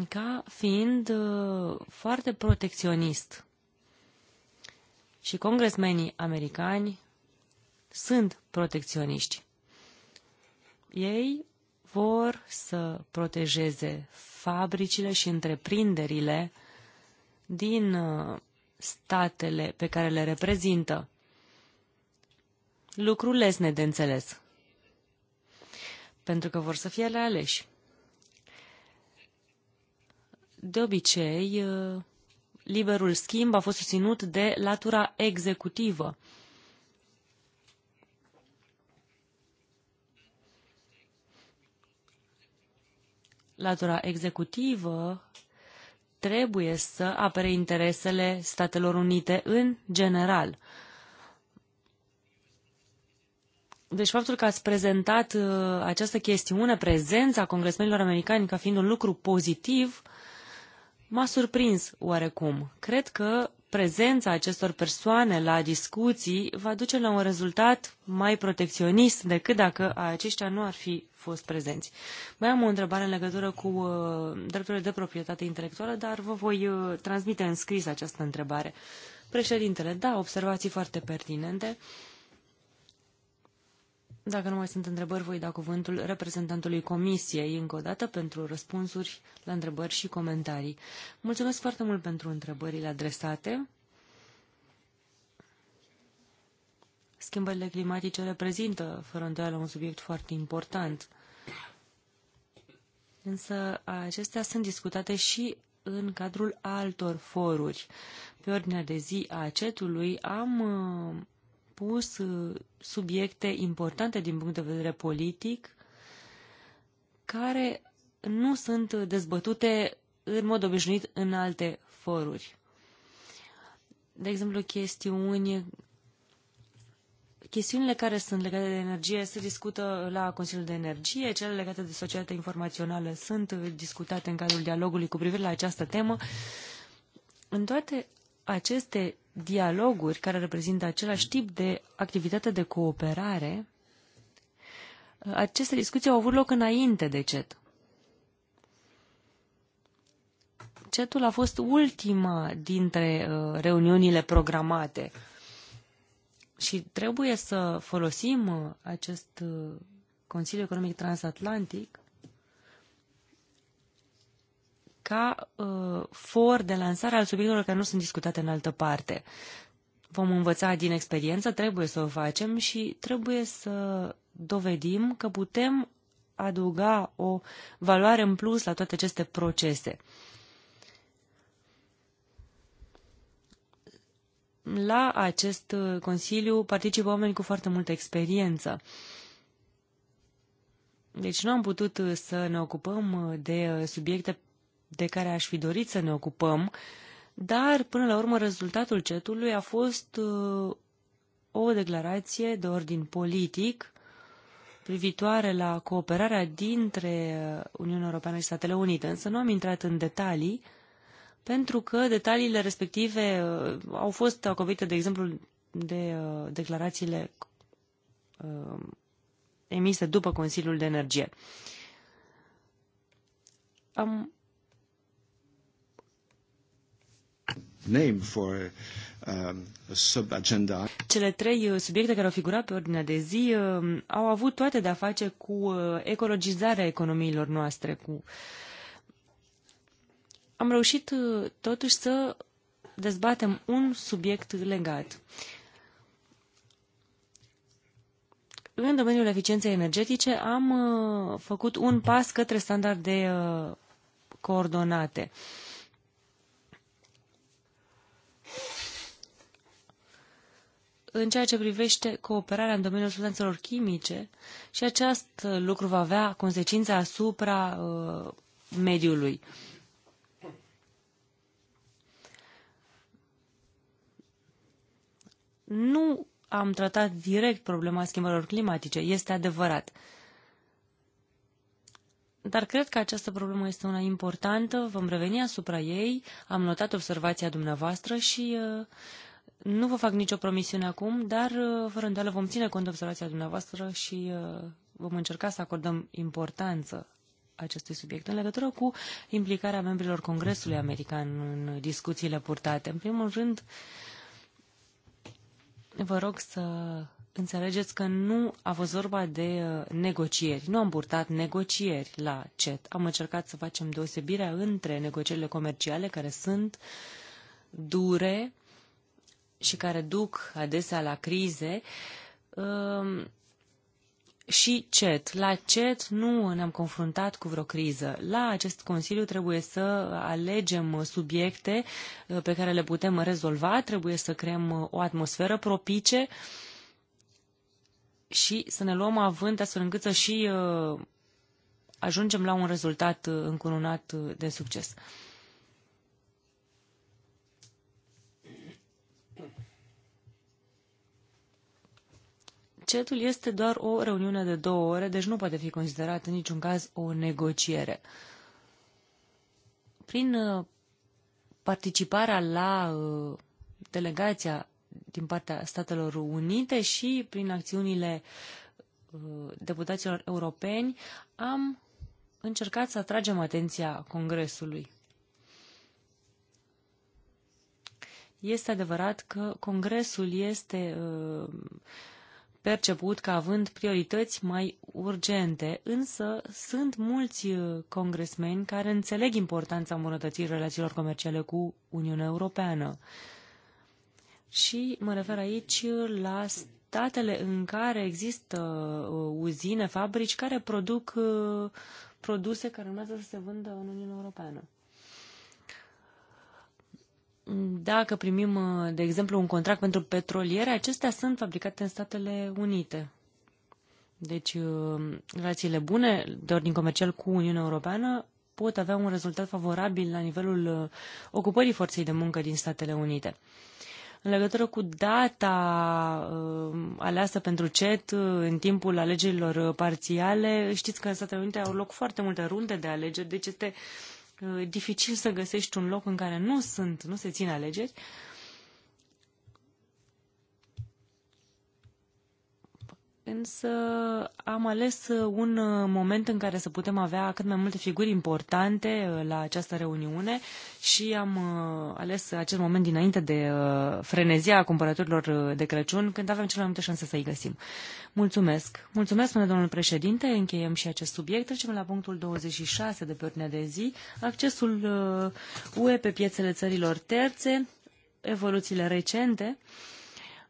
S1: ca fiind uh, foarte protecționist. Și congresmenii americani sunt protecționiști. Ei vor să protejeze fabricile și întreprinderile din uh, statele pe care le reprezintă. Lucru lesne de înțeles. Pentru că vor să fie realeși. De obicei, uh, liberul schimb a fost susținut de latura executivă latura executivă trebuie să apere interesele Statelor Unite în general. Deci faptul că ați prezentat uh, această chestiune, prezența congresmenilor americani ca fiind un lucru pozitiv, m-a surprins oarecum. Cred că prezența acestor persoane la discuții va duce la un rezultat mai protecționist decât dacă aceștia nu ar fi fost prezenți. Mai am o întrebare în legătură cu uh, drepturile de proprietate intelectuală, dar vă voi uh, transmite în scris această întrebare. Președintele, da, observații foarte pertinente. Uh, dacă nu mai sunt întrebări, voi da cuvântul reprezentantului Comisiei încă o dată pentru răspunsuri la întrebări și comentarii. Mulțumesc foarte mult pentru întrebările adresate. Schimbările climatice reprezintă, fără îndoială, un subiect foarte important. Însă acestea sunt discutate și în cadrul altor foruri. Pe ordinea de zi a acetului am uh, pus uh, subiecte importante din punct de vedere politic, care nu sunt dezbătute în mod obișnuit în alte foruri. De exemplu, chestiuni, chestiunile care sunt legate de energie se discută la Consiliul de Energie, cele legate de societatea informațională sunt discutate în cadrul dialogului cu privire la această temă. În toate aceste dialoguri care reprezintă același tip de activitate de cooperare, aceste discuții au avut loc înainte de CET. CET-ul a fost ultima dintre uh, reuniunile programate și trebuie să folosim uh, acest uh, Consiliu Economic Transatlantic ca uh, for de lansare al subiectelor care nu sunt discutate în altă parte. Vom învăța din experiență, trebuie să o facem și trebuie să dovedim că putem adăuga o valoare în plus la toate aceste procese. La acest uh, consiliu participă oameni cu foarte multă experiență. Deci nu am putut uh, să ne ocupăm uh, de subiecte de care aș fi dorit să ne ocupăm, dar până la urmă rezultatul cetului a fost uh, o declarație de ordin politic privitoare la cooperarea dintre Uniunea Europeană și Statele Unite, însă nu am intrat în detalii, pentru că detaliile respective uh, au fost acoperite, de exemplu, de uh, declarațiile emise după Consiliul de Energie. Am
S3: name for um, sub
S1: Cele trei uh, subiecte care au figurat pe ordinea de zi uh, au avut toate de-a face cu uh, ecologizarea economiilor noastre. Cu... Am reușit totuși să dezbatem un subiect legat. În domeniul eficienței energetice am făcut un pas către standarde coordonate. Uh, în ceea ce privește cooperarea în domeniul substanțelor chimice și acest lucru va avea consecințe asupra uh, mediului. Nu am tratat direct problema schimbărilor climatice, este adevărat. Dar cred că această problemă este una importantă, vom reveni asupra ei, am notat observația dumneavoastră și uh, nu vă fac nicio promisiune acum, dar uh, fără îndoială vom ține cont de observația dumneavoastră și uh, vom încerca să acordăm importanță acestui subiect în legătură cu implicarea membrilor Congresului American în discuțiile purtate. În primul rând, vă rog să înțelegeți că nu a fost vorba de uh, negocieri. Nu am purtat negocieri la CET. Am încercat să facem deosebirea între negocierile comerciale care sunt dure, și care duc adesea la crize um, și CET. La CET nu ne-am confruntat cu vreo criză. La acest Consiliu trebuie să alegem subiecte uh, pe care le putem rezolva, trebuie să creăm uh, o atmosferă propice și să ne luăm avânt astfel încât să și uh, ajungem la un rezultat încununat de succes. CETUL este doar o reuniune de două ore, deci nu poate fi considerat în niciun caz o negociere. Prin uh, participarea la uh, delegația din partea Statelor Unite și prin acțiunile uh, deputaților europeni, am încercat să atragem atenția Congresului. Este adevărat că Congresul este uh, perceput ca având priorități mai urgente, însă sunt mulți uh, congresmeni care înțeleg importanța îmbunătățirii relațiilor comerciale cu Uniunea Europeană. Și mă refer aici la statele în care există uh, uzine, fabrici care produc uh, produse care urmează să se vândă în Uniunea Europeană. Dacă primim, uh, de exemplu, un contract pentru petroliere, acestea sunt fabricate în Statele Unite. Deci, uh, relațiile bune de ordin comercial cu Uniunea Europeană pot avea un rezultat favorabil la nivelul uh, ocupării forței de muncă din Statele Unite. În legătură cu data aleasă pentru CET în timpul alegerilor parțiale, știți că în Statele Unite au loc foarte multe runde de alegeri, deci este dificil să găsești un loc în care nu sunt, nu se țin alegeri, Însă am ales uh, un uh, moment în care să putem avea cât mai multe figuri importante uh, la această reuniune și am ales acest moment dinainte de frenezia cumpărăturilor de Crăciun, când avem cele mai multe șanse să-i găsim. Mulțumesc! Mulțumesc, până domnul președinte, încheiem și acest subiect. Trecem la punctul 26 de pe ordinea de zi, accesul UE pe piețele țărilor terțe, evoluțiile recente.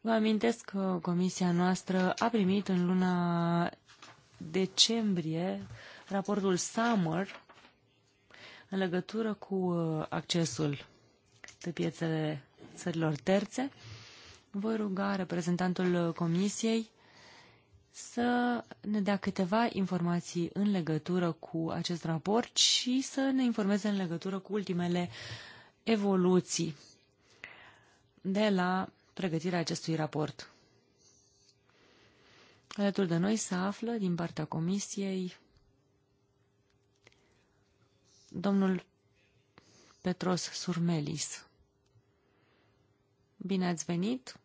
S1: Vă amintesc că comisia noastră a primit în luna decembrie raportul Summer în legătură cu uh, accesul pe piețele țărilor terțe. Voi ruga reprezentantul uh, comisiei să ne dea câteva informații în legătură cu acest raport și să ne informeze în legătură cu ultimele evoluții de la pregătirea acestui raport. Alături de noi se află, din partea comisiei, domnul Petros Surmelis. Bine ați venit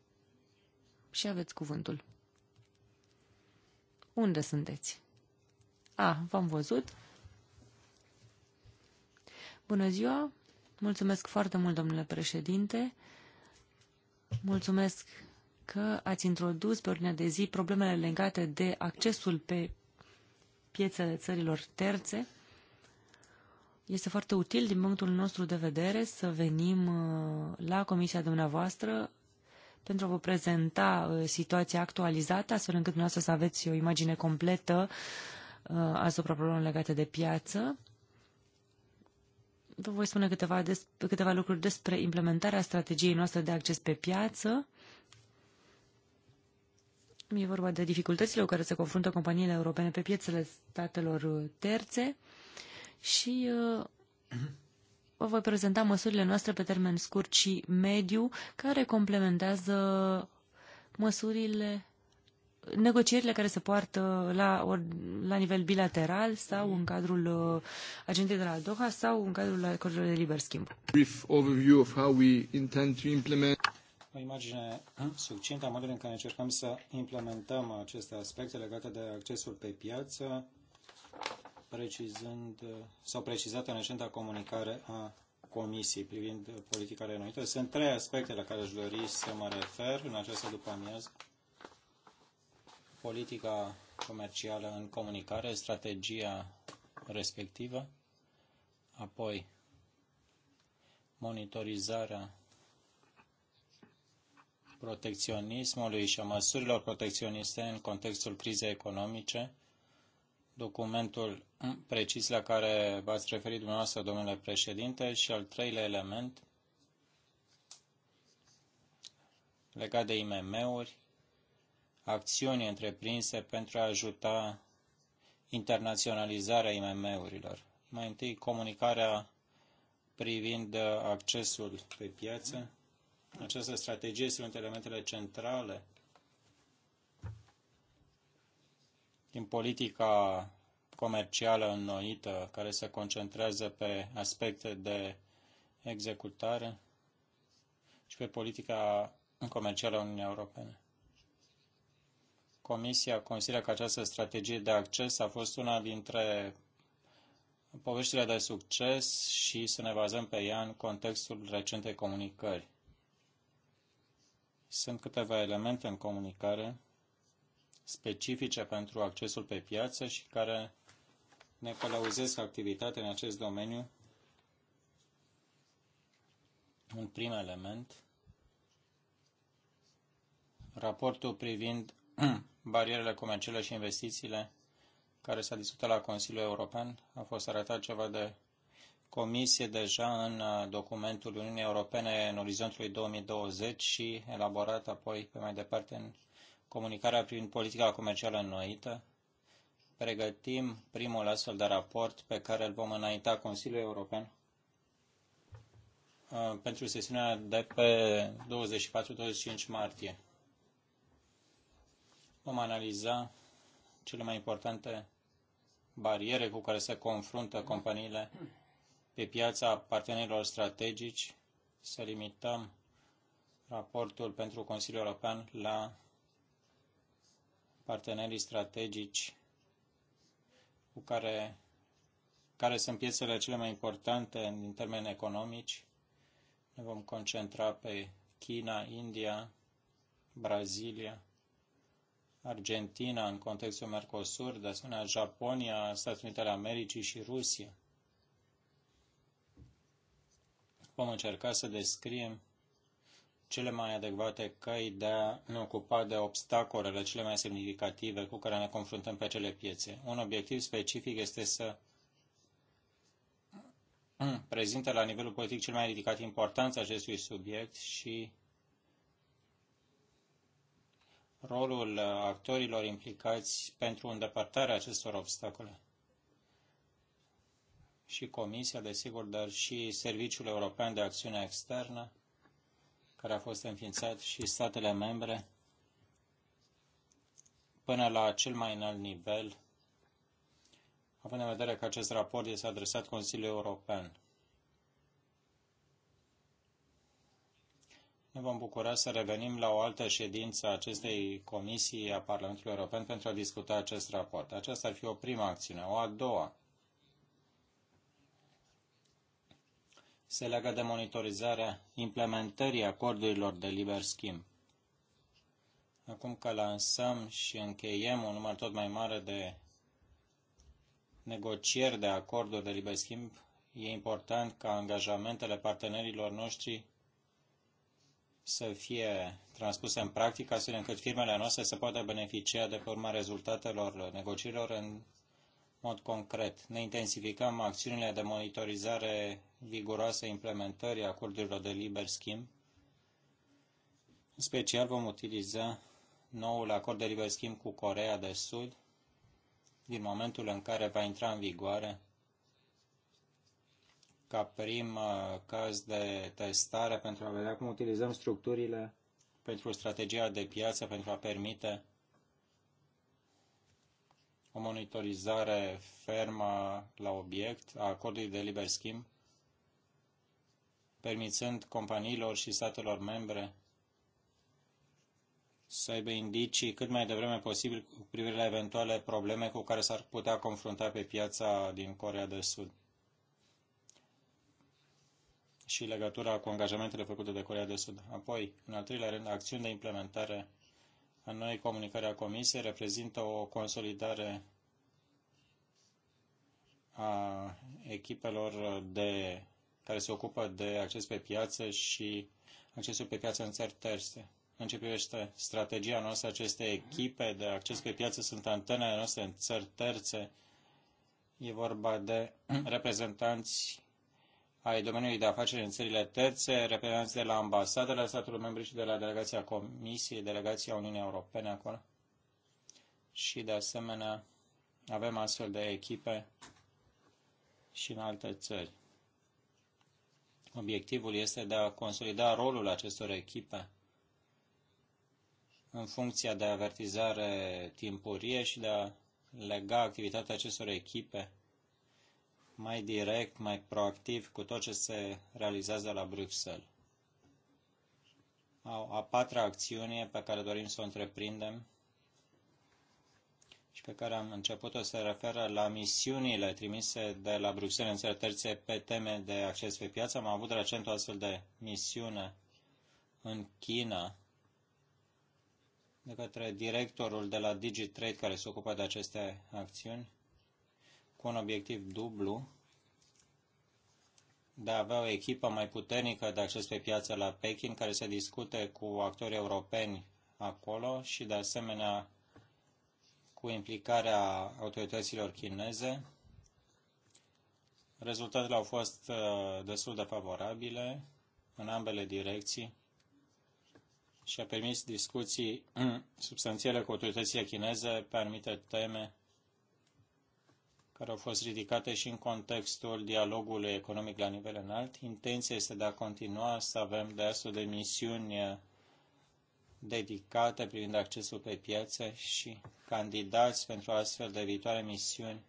S1: și aveți cuvântul. Unde sunteți? A, v-am văzut. Bună ziua! Mulțumesc foarte mult, domnule președinte. Mulțumesc că ați introdus pe ordinea de zi problemele legate de accesul pe piețele țărilor terțe. Este foarte util din punctul nostru de vedere să venim uh, la comisia dumneavoastră pentru a vă prezenta uh, situația actualizată, astfel încât dumneavoastră să aveți o imagine completă uh, asupra problemelor legate de piață vă voi spune câteva, des, câteva lucruri despre implementarea strategiei noastre de acces pe piață. E vorba de dificultățile cu care se confruntă companiile europene pe piețele statelor uh, terțe și uh, vă voi prezenta măsurile noastre pe termen scurt și mediu care complementează măsurile negocierile care se poartă la, or, la nivel bilateral sau în cadrul uh, agentei de la Doha sau în cadrul acordurilor de liber schimb.
S3: Brief overview of how we
S1: intend to implement
S2: o imagine uh, succintă a modului în care încercăm să implementăm aceste aspecte legate de accesul pe piață, precizând uh, sau precizată în recenta comunicare a Comisiei privind politica renuită. Sunt trei aspecte la care aș dori să mă refer în această după amiază politica comercială în comunicare, strategia respectivă, apoi monitorizarea protecționismului și a măsurilor protecționiste în contextul crizei economice, documentul precis la care v-ați referit dumneavoastră, domnule președinte, și al treilea element legat de IMM-uri, acțiuni întreprinse pentru a ajuta internaționalizarea IMM-urilor. Mai întâi, comunicarea privind accesul pe piață. Această strategie este unul elementele centrale din politica comercială înnoită, care se concentrează pe aspecte de executare și pe politica comercială a Uniunii Europene. Comisia consideră că această strategie de acces a fost una dintre poveștile de succes și să ne bazăm pe ea în contextul recentei comunicări. Sunt câteva elemente în comunicare specifice pentru accesul pe piață și care ne călăuzesc activitatea în acest domeniu. Un prim element, raportul privind barierele comerciale și investițiile, care s-a discutat la Consiliul European, a fost arătat ceva de comisie deja în uh, documentul Uniunii Europene în orizontului 2020 și elaborat apoi pe mai departe în comunicarea prin politica comercială înnoită. Pregătim primul astfel de raport pe care îl vom înainta Consiliul European uh, pentru sesiunea de pe 24-25 martie. Vom analiza cele mai importante bariere cu care se confruntă companiile pe piața partenerilor strategici, să limităm raportul pentru Consiliul European la partenerii strategici cu care, care sunt piețele cele mai importante în termeni economici. Ne vom concentra pe China, India, Brazilia, Argentina în contextul Mercosur, de asemenea Japonia, Statele Unite ale Americii și Rusia. Vom încerca să descriem cele mai adecvate căi de a ne ocupa de obstacolele cele mai semnificative cu care ne confruntăm pe acele piețe. Un obiectiv specific este să prezinte la nivelul politic cel mai ridicat importanța acestui subiect și rolul actorilor implicați pentru îndepărtarea acestor obstacole. Și Comisia, desigur, dar și Serviciul European de Acțiune Externă, care a fost înființat, și statele membre, până la cel mai înalt nivel, având în vedere că acest raport este adresat Consiliului European. Ne vom bucura să revenim la o altă ședință a acestei comisii a Parlamentului European pentru a discuta acest raport. Aceasta ar fi o prima acțiune. O a doua se leagă de monitorizarea implementării acordurilor de liber schimb. Acum că lansăm și încheiem un număr tot mai mare de negocieri de acorduri de liber schimb, e important ca angajamentele partenerilor noștri să fie transpuse în practică, astfel încât firmele noastre să poată beneficia de pe urma rezultatelor negocierilor în mod concret. Ne intensificăm acțiunile de monitorizare viguroasă implementării acordurilor de liber schimb. În special vom utiliza noul acord de liber schimb cu Corea de Sud din momentul în care va intra în vigoare ca prim caz de testare pentru a vedea cum utilizăm structurile pentru strategia de piață, pentru a permite o monitorizare fermă la obiect a acordului de liber schimb, permițând companiilor și statelor membre să aibă indicii cât mai devreme posibil cu privire la eventuale probleme cu care s-ar putea confrunta pe piața din Corea de Sud și legătura cu angajamentele făcute de Corea de Sud. Apoi, în al treilea rând, acțiuni de implementare a noi comunicări a Comisiei reprezintă o consolidare a echipelor de, care se ocupă de acces pe piață și accesul pe piață în țări terse. În ce privește strategia noastră, aceste echipe de acces pe piață sunt antenele noastre în țări terțe. E vorba de reprezentanți ai domeniului de afaceri în țările terțe, reprezentanți de la ambasadele statelor membre și de la delegația Comisiei, delegația Uniunii Europene acolo. Și de asemenea avem astfel de echipe și în alte țări. Obiectivul este de a consolida rolul acestor echipe în funcția de avertizare timpurie și de a lega activitatea acestor echipe mai direct, mai proactiv cu tot ce se realizează la Bruxelles. A patra acțiune pe care dorim să o întreprindem și pe care am început-o se referă la misiunile trimise de la Bruxelles în țări terțe pe teme de acces pe piață. Am avut recent o astfel de misiune în China de către directorul de la DigiTrade care se ocupă de aceste acțiuni cu un obiectiv dublu de a avea o echipă mai puternică de acces pe piață la Pekin, care se discute cu actorii europeni acolo și, de asemenea, cu implicarea autorităților chineze. Rezultatele au fost uh, destul de favorabile în ambele direcții și a permis discuții substanțiale cu autoritățile chineze pe anumite teme care au fost ridicate și în contextul dialogului economic la nivel înalt. Intenția este de a continua să avem de astfel de misiuni dedicate privind accesul pe piață și candidați pentru astfel de viitoare misiuni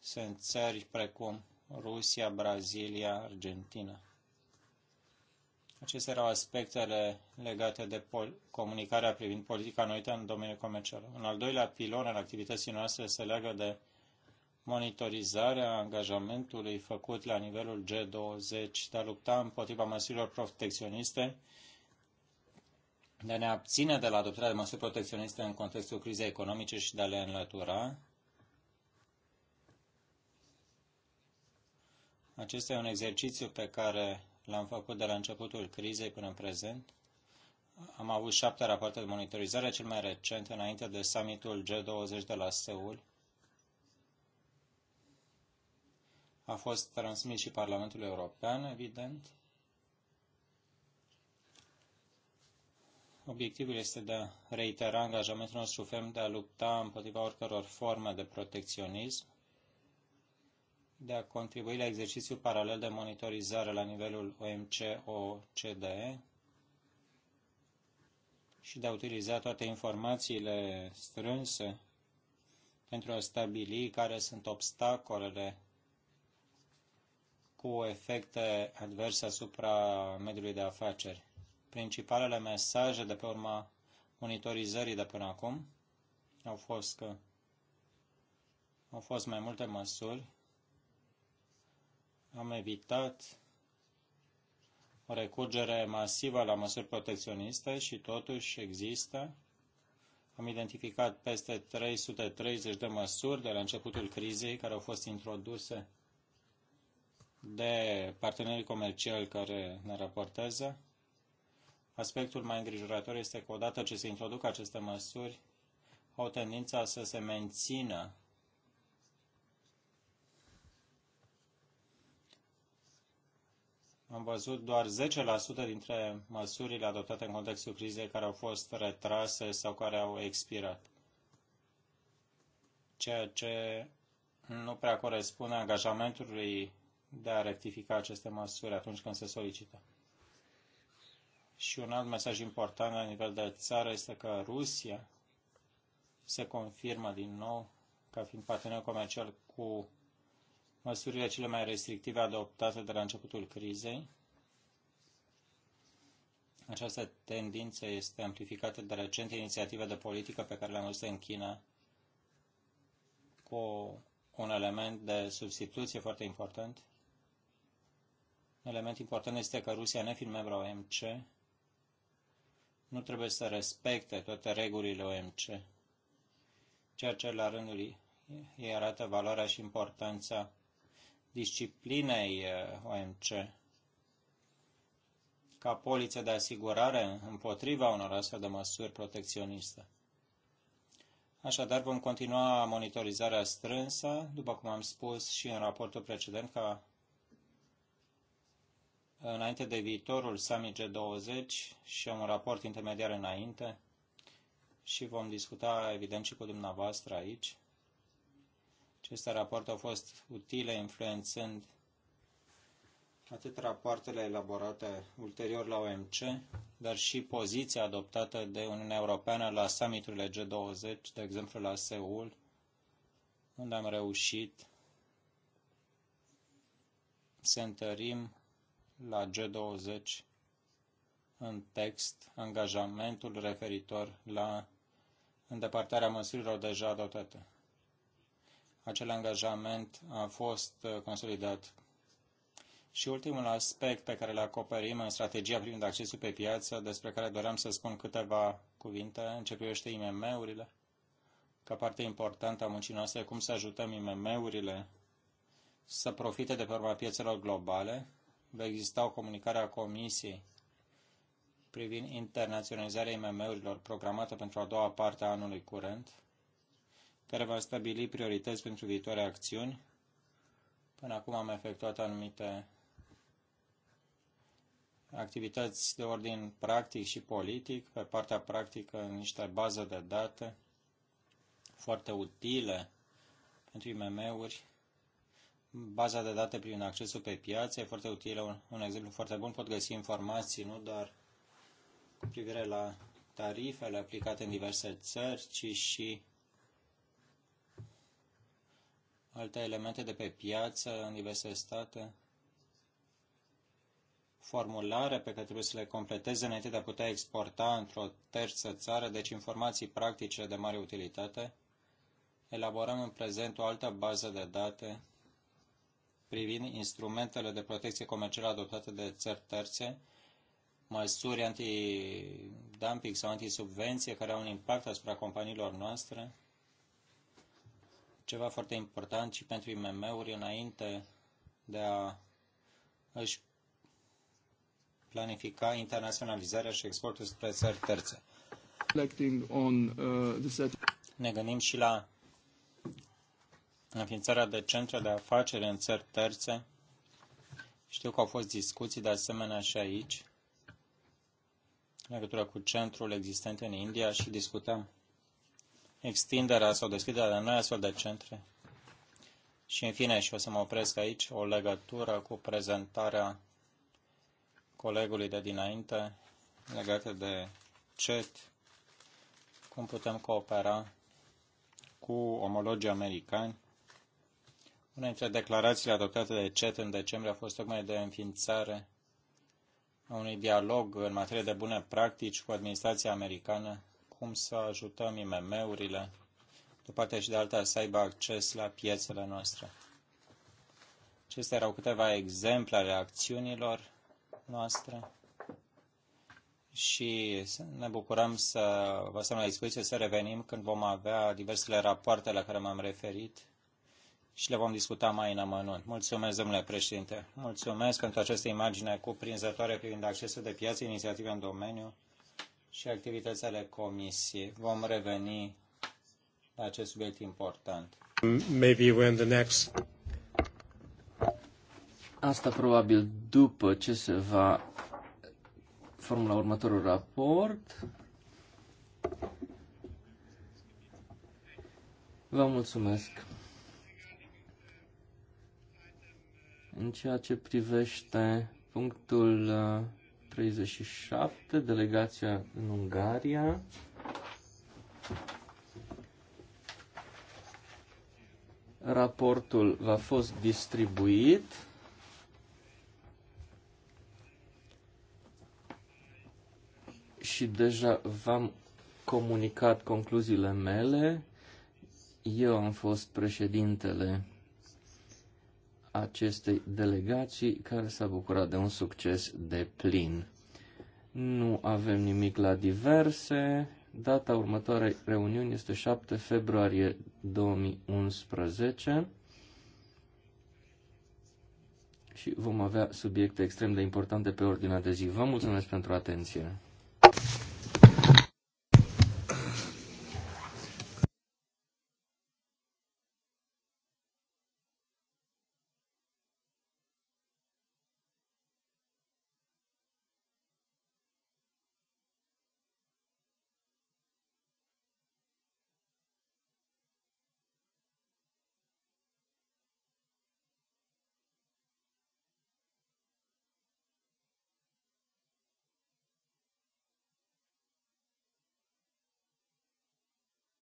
S2: sunt țări precum Rusia, Brazilia, Argentina. Acestea erau aspectele legate de comunicarea privind politica anuită în domeniul comercial. Un al doilea pilon al activității noastre se leagă de monitorizarea angajamentului făcut la nivelul G20 de a lupta împotriva măsurilor protecționiste, de a ne abține de la adoptarea de măsuri protecționiste în contextul crizei economice și de a le înlătura. Acesta e un exercițiu pe care L-am făcut de la începutul crizei până în prezent. Am avut șapte rapoarte de monitorizare, cel mai recent înainte de summitul G20 de la Seul. A fost transmis și Parlamentul European, evident. Obiectivul este de a reitera angajamentul nostru ferm de a lupta împotriva oricăror forme de protecționism de a contribui la exercițiul paralel de monitorizare la nivelul omc ocd și de a utiliza toate informațiile strânse pentru a stabili care sunt obstacolele cu efecte adverse asupra mediului de afaceri. Principalele mesaje de pe urma monitorizării de până acum au fost că au fost mai multe măsuri am evitat o recurgere masivă la măsuri protecționiste și totuși există. Am identificat peste 330 de măsuri de la începutul crizei care au fost introduse de partenerii comerciali care ne raportează. Aspectul mai îngrijorător este că odată ce se introduc aceste măsuri, au tendința să se mențină Am văzut doar 10% dintre măsurile adoptate în contextul crizei care au fost retrase sau care au expirat, ceea ce nu prea corespunde angajamentului de a rectifica aceste măsuri atunci când se solicită. Și un alt mesaj important la nivel de țară este că Rusia se confirmă din nou ca fiind partener comercial cu măsurile cele mai restrictive adoptate de la începutul crizei. Această tendință este amplificată de recente inițiative de politică pe care le-am văzut în China cu un element de substituție foarte important. Un element important este că Rusia, nefiind membru OMC, nu trebuie să respecte toate regulile OMC, ceea ce la rândul ei arată valoarea și importanța disciplinei uh, OMC ca poliță de asigurare împotriva unor astfel de măsuri protecționiste. Așadar, vom continua monitorizarea strânsă, după cum am spus și în raportul precedent, ca înainte de viitorul Summit G20 și am un raport intermediar înainte și vom discuta, evident, și cu dumneavoastră aici aceste rapoarte au fost utile influențând atât rapoartele elaborate ulterior la OMC, dar și poziția adoptată de Uniunea Europeană la summiturile G20, de exemplu la Seul, unde am reușit să întărim la G20 în text angajamentul referitor la îndepărtarea măsurilor deja adoptate acel angajament a fost uh, consolidat. Și ultimul aspect pe care îl acoperim în strategia privind accesul pe piață, despre care doream să spun câteva cuvinte, începește IMM-urile, ca parte importantă a muncii noastre, cum să ajutăm IMM-urile să profite de pe urma piețelor globale. Va exista o comunicare a Comisiei privind internaționalizarea IMM-urilor programată pentru a doua parte a anului curent care va stabili priorități pentru viitoare acțiuni. Până acum am efectuat anumite activități de ordin practic și politic, pe partea practică niște bază de date foarte utile pentru IMM-uri, baza de date prin accesul pe piață e foarte utilă, un, un exemplu foarte bun, pot găsi informații nu doar cu privire la tarifele aplicate în diverse țări, ci și alte elemente de pe piață în diverse state, formulare pe care trebuie să le completeze înainte de a putea exporta într-o terță țară, deci informații practice de mare utilitate. Elaborăm în prezent o altă bază de date privind instrumentele de protecție comercială adoptate de țări terțe, măsuri dumping sau anti anti-subvenție care au un impact asupra companiilor noastre, ceva foarte important și pentru IMM-uri înainte de a își planifica internaționalizarea și exportul spre țări terțe.
S1: Uh,
S2: ne gândim și la înființarea de centre de afaceri în țări terțe. Știu că au fost discuții de asemenea și aici, în legătură cu centrul existent în India și discutăm extinderea sau deschiderea de noi astfel de centre. Și în fine, și o să mă opresc aici, o legătură cu prezentarea colegului de dinainte legată de CET, cum putem coopera cu omologii americani. Una dintre declarațiile adoptate de CET în decembrie a fost tocmai de înființare a unui dialog în materie de bune practici cu administrația americană cum să ajutăm IMM-urile, de partea și de alta să aibă acces la piețele noastre. Acestea erau câteva exemple ale acțiunilor noastre și ne bucurăm să vă stăm la discuție, să revenim când vom avea diversele rapoarte la care m-am referit și le vom discuta mai în amănunt. Mulțumesc, domnule președinte. Mulțumesc pentru această imagine cuprinzătoare privind accesul de piață, inițiative în domeniu și activități ale comisiei. Vom
S3: reveni
S2: la acest subiect important.
S3: Maybe when the next... Asta probabil după ce se va formula următorul raport. Vă mulțumesc. În ceea ce privește punctul uh, 37, delegația în Ungaria. Raportul va fost distribuit. Și deja v-am comunicat concluziile mele. Eu am fost președintele acestei delegații care s-a bucurat de un succes de plin. Nu avem nimic la diverse. Data următoarei reuniuni este 7 februarie 2011 și vom avea subiecte extrem de importante pe ordinea de zi. Vă mulțumesc pentru atenție!